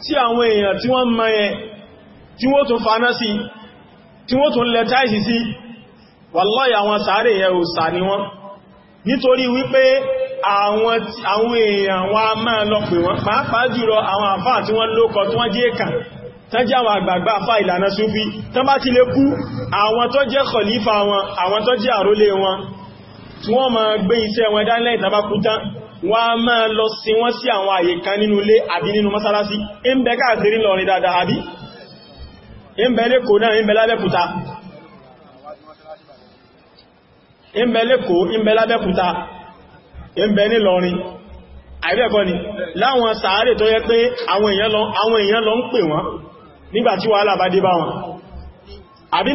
[SPEAKER 1] tí àwọn èèyàn tí wọ́n mọ̀ yẹn tí wọ́n tún faná sí tí wọ́n tún lẹ táìsì sí wàláhì àwọn sàárè yẹn ò sà ní wọ́n nítorí wípé àwọn èèyàn wọn a máa lọ pè wọ́n pàápàá jùlọ àwọn àfáà tí wọ́n lókọ tí wọ́n jẹ́ èkà tán jẹ́ àwọn àgbààgbà àfá ìlànà súfí tán bá ti lè kú àwọn tó jẹ́ kọ̀lífà wọn àwọn tó jẹ́ àrólé wọn tí wọ́n máa gbé iṣẹ́ wọn dánlẹ̀ wọ́n a máa lọ sí wọ́n sí àwọn àyè kan nínú ilé àbí nínú mọ́sálásí ń bẹ káàkiri lọrin dáadáa àbí ń bẹ lẹ́kọ̀ọ́ náà ń bẹ lábẹ́kúta ń bẹ lẹ́kọ̀ọ́ ń bẹ lábẹ́kúta ń bẹ ní lọrin àìbẹ́ẹ̀kọ́ ni láwọn sàárè tó yẹ pé àwọn èèyàn lọ ń pè wọ́n nígbàtí wàhálà bá dé bá wọn àbí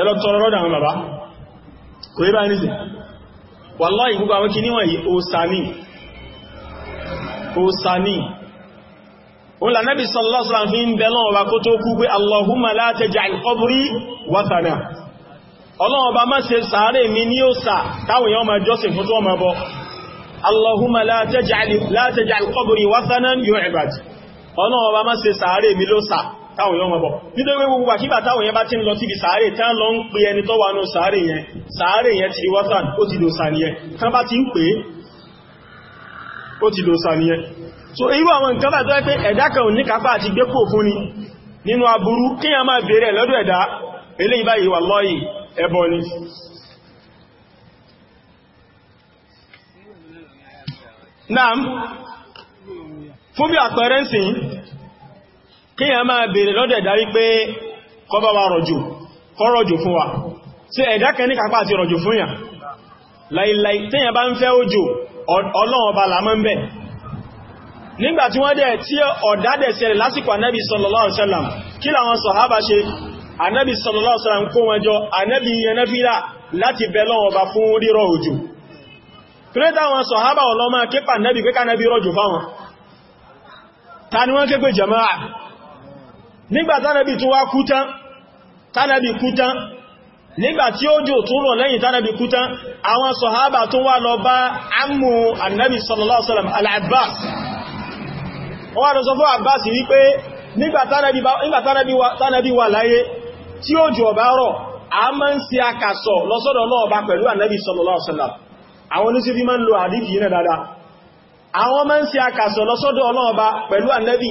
[SPEAKER 1] ẹlọ tọrọ lọ́dọ̀ àwọn bàbá kò rí bá ní sí wallahi gbogbo àwọn kí níwọ̀n yìí òsàní òsàní o là Nabi sallallahu alaihi wasallam fi ń bẹ lọ́wọ́ bá kó tó kú pé Allahumma la taj'al qabri wathana ọlọ́wọ́ bá táwọn yọ́ mọ̀bọ̀. Nítorí gbogbo àṣígbà táwọn yẹn bá ti ń lọ síbi sàárè tán lọ ń pè ẹni tó wà ní sàárè yẹn, sàárè yẹn ti wọ́sàn ó ti dòsà nìyẹn, tán bá ti ń pè ó ti So, irú àwọn nǹkan bá tó ẹ́ pé ẹ̀dá kan ò ní kápá àti gbé pò fún ni nínú aburú kí a máa bèèrè lọ́dọ̀ ẹ̀dá, eléyìí báyìí wallahi ẹbọ ni. fún bí àpẹẹrẹ ń kí a máa bèèrè lọ́dẹ̀ darí pé kọba wa rọ̀jò kọ́ rọ̀jò fún wa tí ẹ̀dá kẹ́ ní kàpá àti rọ̀jò fún yà láìláì tí yà bá ń fẹ́ òjò ọlọ́run ọba lámọ́ ń bẹ̀ nígbàtí wọ́n dẹ̀ tí ọ̀dá lásìkò anábì sallallahu alaihi wasallam kí làwọn sọ̀hábà ṣe sallallahu alaihi wasallam kó wọn jọ anábì yẹnẹ́fíra láti bẹ lọ́wọ́ ọba fún rírọ̀ òjò kírẹ́tà wọn sọ̀hábà ọlọ́mọ képa anábì pé kánábì ta ni wọ́n képe jama'a nígbà tánàbí tún wá kú tán tánàbí kú tán nígbà tí ó jò tún rọ̀ lẹ́yìn tánàbí kú tán àwọn sọ̀hábà tún wá lọ bá amú annabi sallallahu alaihi wasallam al-abbas ó máa ń lo àdífì yìí náà àwọn máa ń lọ́sọ́dọ̀ ọlọ́ọ̀bá pẹ̀lú annabi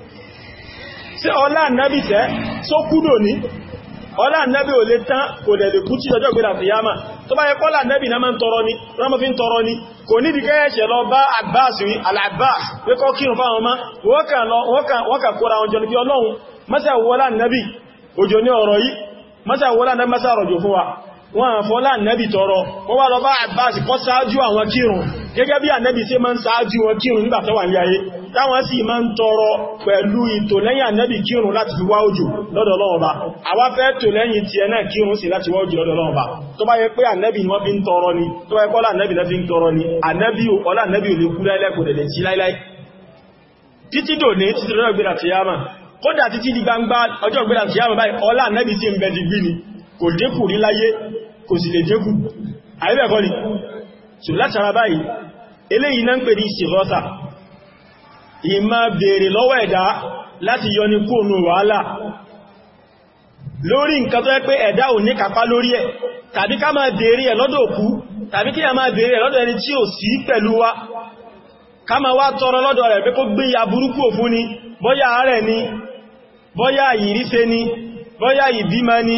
[SPEAKER 1] sí ọlá nábì tẹ́ só kúdò ní ọlá nábì ò lè tán kò lè lè kú tí ọjọ́ ìgbèrà fìyàmà tó bá yẹ kọ́lá nábì náà máa ń tọrọ ní rọ́mọ́ fi ń tọrọ ní kò ní di kẹ́ẹ̀ṣẹ̀ lọ bá Abbas rí Al-Abbas pé kọ́ kírun fáwọn ọmọ wọ́n wọn àfọ́lá nẹ́bì tọrọ wọ́n wá lọ bá Abbas kọ́ sáájú àwọn kírùn gẹ́gẹ́ bí ànẹ́bì sí máa ń sáájú wọn kírùn nígbà tó wà ní ayé táwọn sì máa ń tọrọ pẹ̀lú ìtò lẹ́yìn ànẹ́bì kírùn láti fi wá òjò lọ́dọ̀ Ọlọ́run Ọba àwa fẹ́ tò lẹ́yìn tiẹ̀ náà kírùn sí láti wá òjò lọ́dọ̀ Ọlọ́run Ọba tó bá yẹ pé ànẹ́bì ni wọ́n fi kò dẹ̀dẹ̀ sí di gbangba ọjọ́ gbéra tìyàmà báyìí ọlá ànẹ́bì sì ń bẹ digbí ni kò láyé kò sì lè dínkù àìbẹ̀kọ́ ni so látara báyìí eléyìí náà ń pè ní ìṣìrọ́ta ìmá bèèrè lọ́wọ́ ẹ̀dá láti yọ ní kóònù wàhálà lórí nǹkan tó yẹ pé ẹ̀dá ò ní kàpá lórí ẹ̀ tàbí ká máa bèèrè ẹ̀ lọ́dọ̀ òkú tàbí kí a máa bèèrè ẹ̀ lọ́dọ̀ ẹni tí ò sí pẹ̀lú wa ká máa wá tọrọ lọ́dọ̀ rẹ̀ pé kó gbé ya burúkú òfún ni bóyá àárẹ̀ ni bóyá ìrísẹ́ ni bóyá ìbímọ ni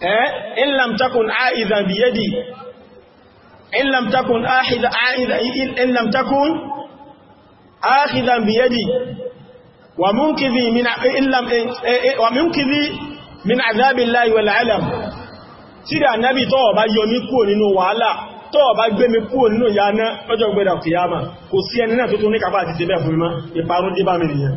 [SPEAKER 1] Eh? in lam takun aizan biyadi in lam takun aizan in lam takun aizan biyadi wa munkizi min in lam eh, eh, wa munkizi min azabillahi wal alam sida nabi tó bá yọ mí kúrò nínú wàhálà tó bá mi kúrò nínú yana lọ́jọ́ gbeda kiyama kò sí ẹni náà tó tún ní kapa àti ṣe bẹ́ẹ̀ fún mi mọ́ ìparun dé bá mi nìyẹn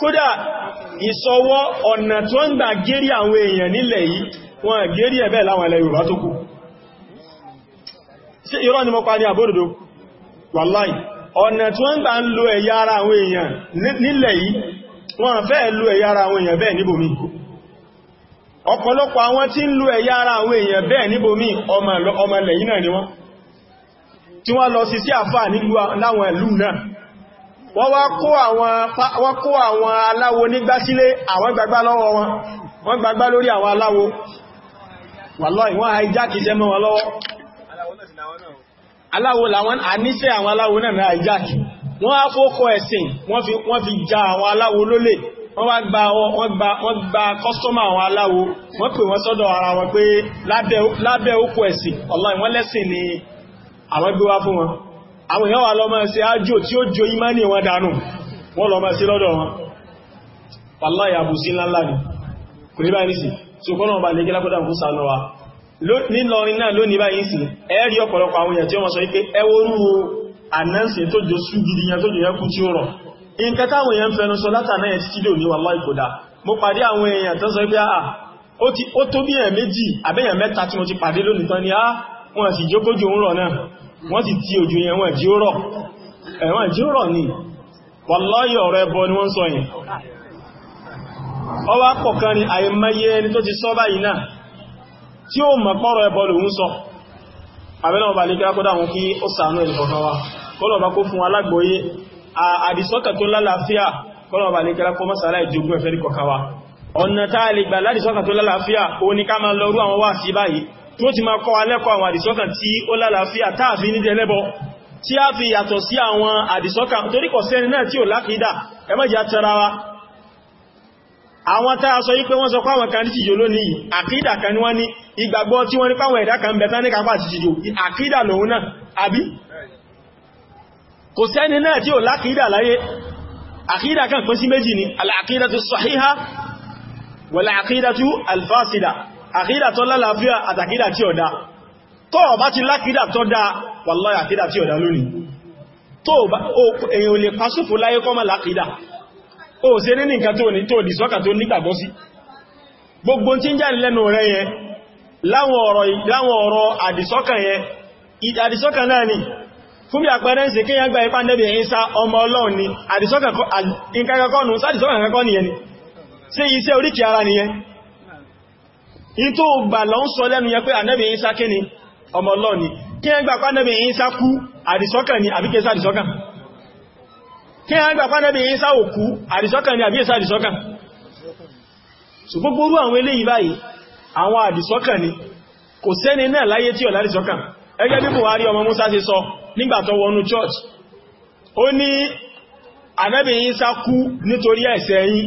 [SPEAKER 1] kódà ìsọwọ́ ọ̀nà tó ń gbà gẹ́rí àwọn èèyàn nílẹ̀ yìí wọ́n gẹ́rí ẹ̀bẹ̀ láwọn ilẹ̀ Yorùbá tó kù sí irọ́ ni mo pa ní wàláì ọ̀nà tó lo ẹ̀yà ara àwọn èèyàn nílẹ̀ yìí wọ́n fẹ́ lo ẹ̀yà ara àwọn èèyàn bẹ́ẹ̀ níbòmí ọ̀pọ̀lọpọ̀ àwọn tí ń lo ẹ̀yà ara àwọn èèyàn bẹ́ẹ̀ níbòmí wọ́n tí wọ́n wá kó àwọn aláwo nígbásílé àwọn gbagbá lọ́wọ́ wọn wọ́n gbagbá lórí àwọn aláwo wàlọ́ì wọ́n hijack iṣẹ́ mọ́ wọn lọ́wọ́ aláwo làwọn àníṣẹ́ àwọn aláwo náà náà hijack wọ́n á fókọ ẹ̀sìn wọ́n fi ja àwọn aláwo lólè wọ́n wá gba wọ́n gba kọ́sọ́mà àwọn aláwo wọ́n pè wọ́n sọ́dọ̀ ara wọn ni àwọn gbé wá àwọn èèyàn wà lọ máa ṣe ájò tí ó jo ìmánì wọn dànù wọ́n lọ máa ṣe lọ́dọ̀ wọn wallahi àbùsí ńláńlá ni kò ní báyìí sí tí ó kọ́nà ọba lè gẹ́lá kọ́dà fún sànú nílọrin náà lónìí báyìí sí ẹ̀rí ọ̀pọ̀lọpọ̀ àwọn èèyàn tí wọ́n sọ pé ẹwọ́rú gidi yẹn tó jo yẹn kú tí ó rọ̀ nǹkan táwọn èèyàn fẹnu sọ látàná ẹ̀ títí dò ní wallahi kò dá mo pàdé àwọn ah, ni á ah, wọn sì jókòjò ń wọ́n ti tí ojú yẹn wọ́n jí ó rọ̀ ẹ̀wọ́n jí ó rọ̀ ní wallahi ọ̀rọ̀ ẹbọ ni wọ́n sọ yẹn ọwá kọ̀kan ni àìmọye ẹni tó ti sọ báyìí náà tí ó mọ̀ pọ́rọ̀ ẹbọ lòun sọ àbẹ́lẹ̀ ọba lè kí rákọ́dá wọn kí ó sàánú ẹni kọ̀kan wa kọ́lọ̀ bá kó fún alágbòye àdìsọ́kà tó lálàáfíà kọ́lọ̀ bá lè kí rákọ́ mọ́sàlá ìjogún ẹ̀fẹ́ ní kọ̀kan wa ọ̀nà táà lè gbà ládìsọ́kà tó lálàáfíà ó ní ká máa lọ rú àwọn wá báyìí tó ti máa kọ́ alẹ́kọ́ àwọn àdìsọ́kàn tí ó lálàáfíà táàfin ní jẹlẹ́bọ tí a fi yàtọ̀ sí àwọn àdìsọ́kàn torí kò sẹ́ni náà tí ò lákìídà ẹ má jẹ́ tara wa àwọn táa sọ wípé wọ́n sọ pé àwọn kan ní tìjò lónìí àkídà kan ní wọ́n ní ìgbàgbọ́ tí wọ́n ní pàwọn àkídà tó lálàáfíà àtàkídà tí ọ̀dá tó bá ti lákídà tó dá wàláhì àkídà tí ọ̀dá lónìí tó èyàn ò lè pàṣùfò láyé kọ́ máa lákídà ó ṣe ní nǹkan tó ní tó dìsọ́kà tó nígbàgbọ́ sí gbogbo tí ń jáde lẹ́nu rẹ̀ yẹn láwọn ọ̀rọ̀ àdìsọ́kàn yẹn ni fún bí àpẹẹrẹ ń ṣe kí yẹn gba ipá nẹ́bí ẹ̀yìn sá ọmọ ọlọ́run ni àdìsọ́kàn kọ́nù ni sí iṣẹ́ oríkì ara nìyẹn in tó gbà lọ ń sọ lẹ́nu yẹ pé ànẹ́bì Ìsá kí ni ọmọ Ọlọ́run ni kí ẹ gbàpá ànẹ́bì Ìsá kú àdìsọ́kàn ni àbí kéèsà àdìsọ́kàn kí ẹ gbàpá ànẹ́bì Ìsá ò kú àdìsọ́kàn ni àbí kéèsà àdìsọ́kàn so gbogbo orú àwọn eléyìí báyìí àwọn àdìsọ́kàn ni kò sẹ́ni náà láyé tí ò ládìsọ́kàn ẹgẹ́ bí Buhari ọmọ Musa ṣe sọ nígbà tó wọnú church ó ní ànẹ́bì Ìsá kú nítorí ẹ̀ṣẹ̀ yín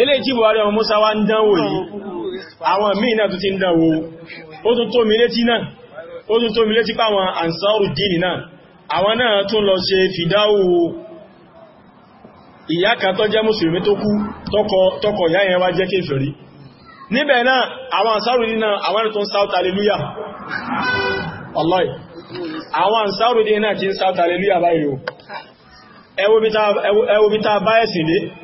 [SPEAKER 1] ilé tí buhari ọmọ musa wá ń dánwò yìí àwọn míì náà tó ti ń dánwò ó tún tó mi létí náà ó tún tó mi létí pa àwọn ansáru dínì náà àwọn náà tún lọ ṣe fìdáwò ìyá kan tó jẹ́ mùsùlùmí tó kú tọkọ ìyá yẹn wá jẹ́ kéfèrí níbẹ̀ náà àwọn dé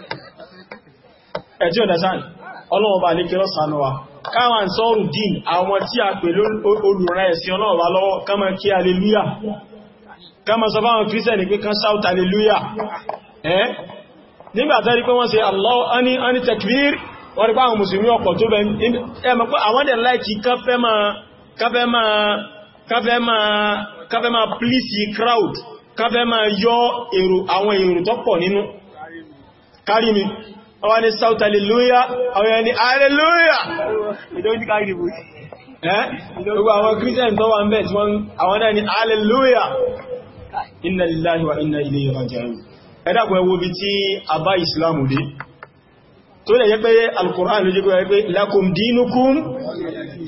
[SPEAKER 1] ẹ̀tí ọ̀dásán ọlọ́wọ́ bá lè kẹrọ sànú wa káwọn sọ́rù dín àwọn tí a pè olùrán ẹ̀sìn ọlọ́wọ́ bá lọ́wọ́ kama kí aleluya kama sọ fáwọn kírísẹ̀nì pé kan shout aleluya ẹ́ nígbàtá rí pé wọ́n ṣe Allah ani ani takbir wọ́n rí pàwọn mùsùlùmí ọ̀pọ̀ tó bẹ̀ ẹmọ̀ pé àwọn dẹ̀ láìkí káfẹ́ máa káfẹ́ máa káfẹ́ máa káfẹ́ máa plíìsì crowd káfẹ́ máa yọ èrò àwọn èrò tọ́pọ̀ nínú kárí mi àwọn ni south hallelujah àwọn ni hallelujah ìdójí káàkiri bú gbogbo àwọn christian tó wà ń bẹ̀ tí wọ́n àwọn náà ni hallelujah inna lillahi wa inna ilayhi raji'un ẹ̀dàkùn ẹwọ́ bí tí a bá islamu dé tó lè jẹ́ pé alkùnrán ló jẹ́ pé lakum dinukum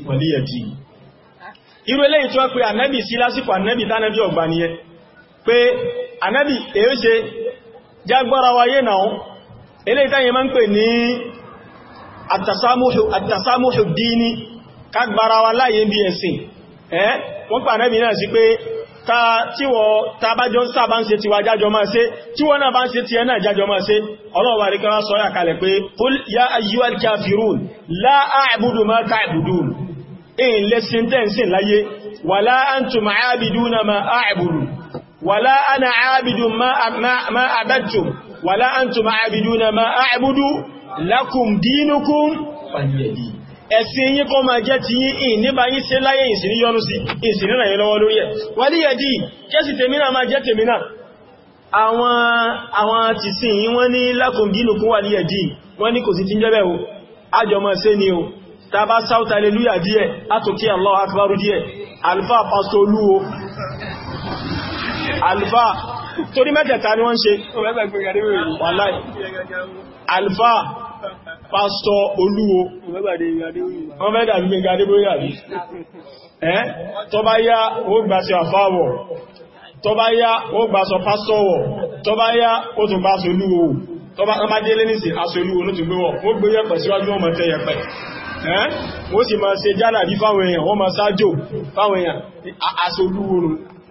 [SPEAKER 1] waliyadi irú eléyìí tí wọ́n pé ànábì sí lásìkò ànábì tánàbí ọ̀gbà nìyẹn pé ànábì èyí ṣe jágbára wáyé náà eléyìí táyẹ máa ń pè ní àtàsámúhù díní kágbára wa láyé bí ẹ̀sìn ẹ́ wọ́n pà nẹ́bì náà sí pé ta tí wọ́n ta bá jọ ń sá bá ń ṣe tiwa jájọ máa ṣe tí wọ́n náà bá ń ṣe ti ẹ̀nà jájọ máa ṣe Ọlọ́run wa ríkan sọ yà kalẹ̀ pé qul ya ayyuhal kafirun la wala antum a'biduna ma a'budu lakum dinukum waliyadi ẹ̀sìn yín kọ́ máa jẹ́ ti yín ìn níbà yín ṣe láyé ìsìnrí yọnu sí ìsìnrí ràn yín lọ́wọ́ lórí ẹ̀ waliyadi kẹ́sì tèmínà máa jẹ́ tèmínà àwọn àwọn ti sin yín wọ́n ní lakum dinukum waliyadi wọ́n ní kò sí ti ń jẹ́bẹ̀ o ajọmọ̀ sí ni o ta bá shout hallelujah díẹ̀ látòkí Allahu akbar díẹ̀ alfa pastor olúwo alfa torí mẹ́tẹ̀ta ni wọ́n ṣe alfa pásítọ̀ olúwo wọ́n fẹ́ dàbí gbẹ̀gbẹ̀ adébóyè àbí ẹ́ tó bá yá ó gbà sí àfáwọ̀ tó bá yá ó gbà sọ pásítọ̀ wọ̀ tó bá yá ó tún bá sọ olúwo tó bá kọmá délé nìsì aṣọ olúwo ló tún gbé wọ̀ ó gbé yẹ̀pẹ̀ síwájú ọmọ tẹ yẹ̀pẹ̀ ẹ́ ó sì máa ṣe jálàbí fáwọn èèyàn wọ́n máa sáájò fáwọn èèyàn aṣọ olúwo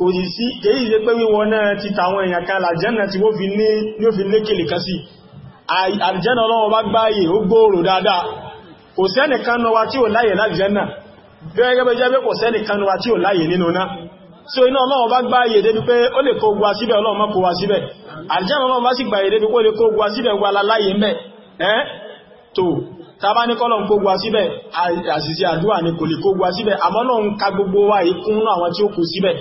[SPEAKER 1] kò sì sí kèyí ṣe pé wíwọ náà ti tàwọn èèyàn kan àlìjẹ́nà tí wọ́n fi ní yóò fi lékèlè kan sí àlìjẹ́nà ọlọ́wọ́ bá gbáyè ó gbòòrò dáadáa kò sẹ́nìkan wa tí so iná ọlọ́wọ́ bá gbáyè débi pé ó lè kó gwa síbẹ̀ ọlọ́wọ́ má kó wa síbẹ̀ àlìjẹ́nà ọlọ́wọ́ bá sì gbáyè débi pé tàbá ní kọ́lọ̀ ń kó gwa síbẹ̀ àṣìṣe àdúrà ní kò lè kó gwa síbẹ̀ àmọ́ náà ń ka gbogbo wa ìkún náà àwọn tí ó kù síbẹ̀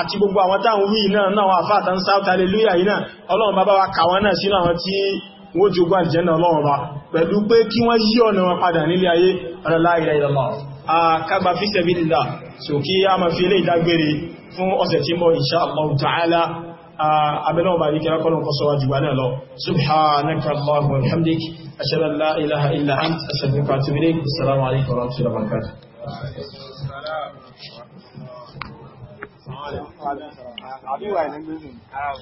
[SPEAKER 1] àti gbogbo àwọn táwọn wí náà náà wà fàtà ń sáwọ́ hallelujah yìí náà ọlọ́run bá bá wa kà wọ́n náà sínú àwọn tí wọ́n jogún àlìjẹ́nà ọlọ́run bá pẹ̀lú pé kí wọ́n yí ọ̀nà wọn padà nílé ayé la ilaha illallah àkágbà fi sabilillah so kí a máa fi ilé ìdágbére fún ọ̀sẹ̀ tí mọ́ insha Allah ta'ala abẹ́lọ́wọ́ bá yíkẹ́ ọkọ̀lọ́ kọsọ́wà jù wà I do I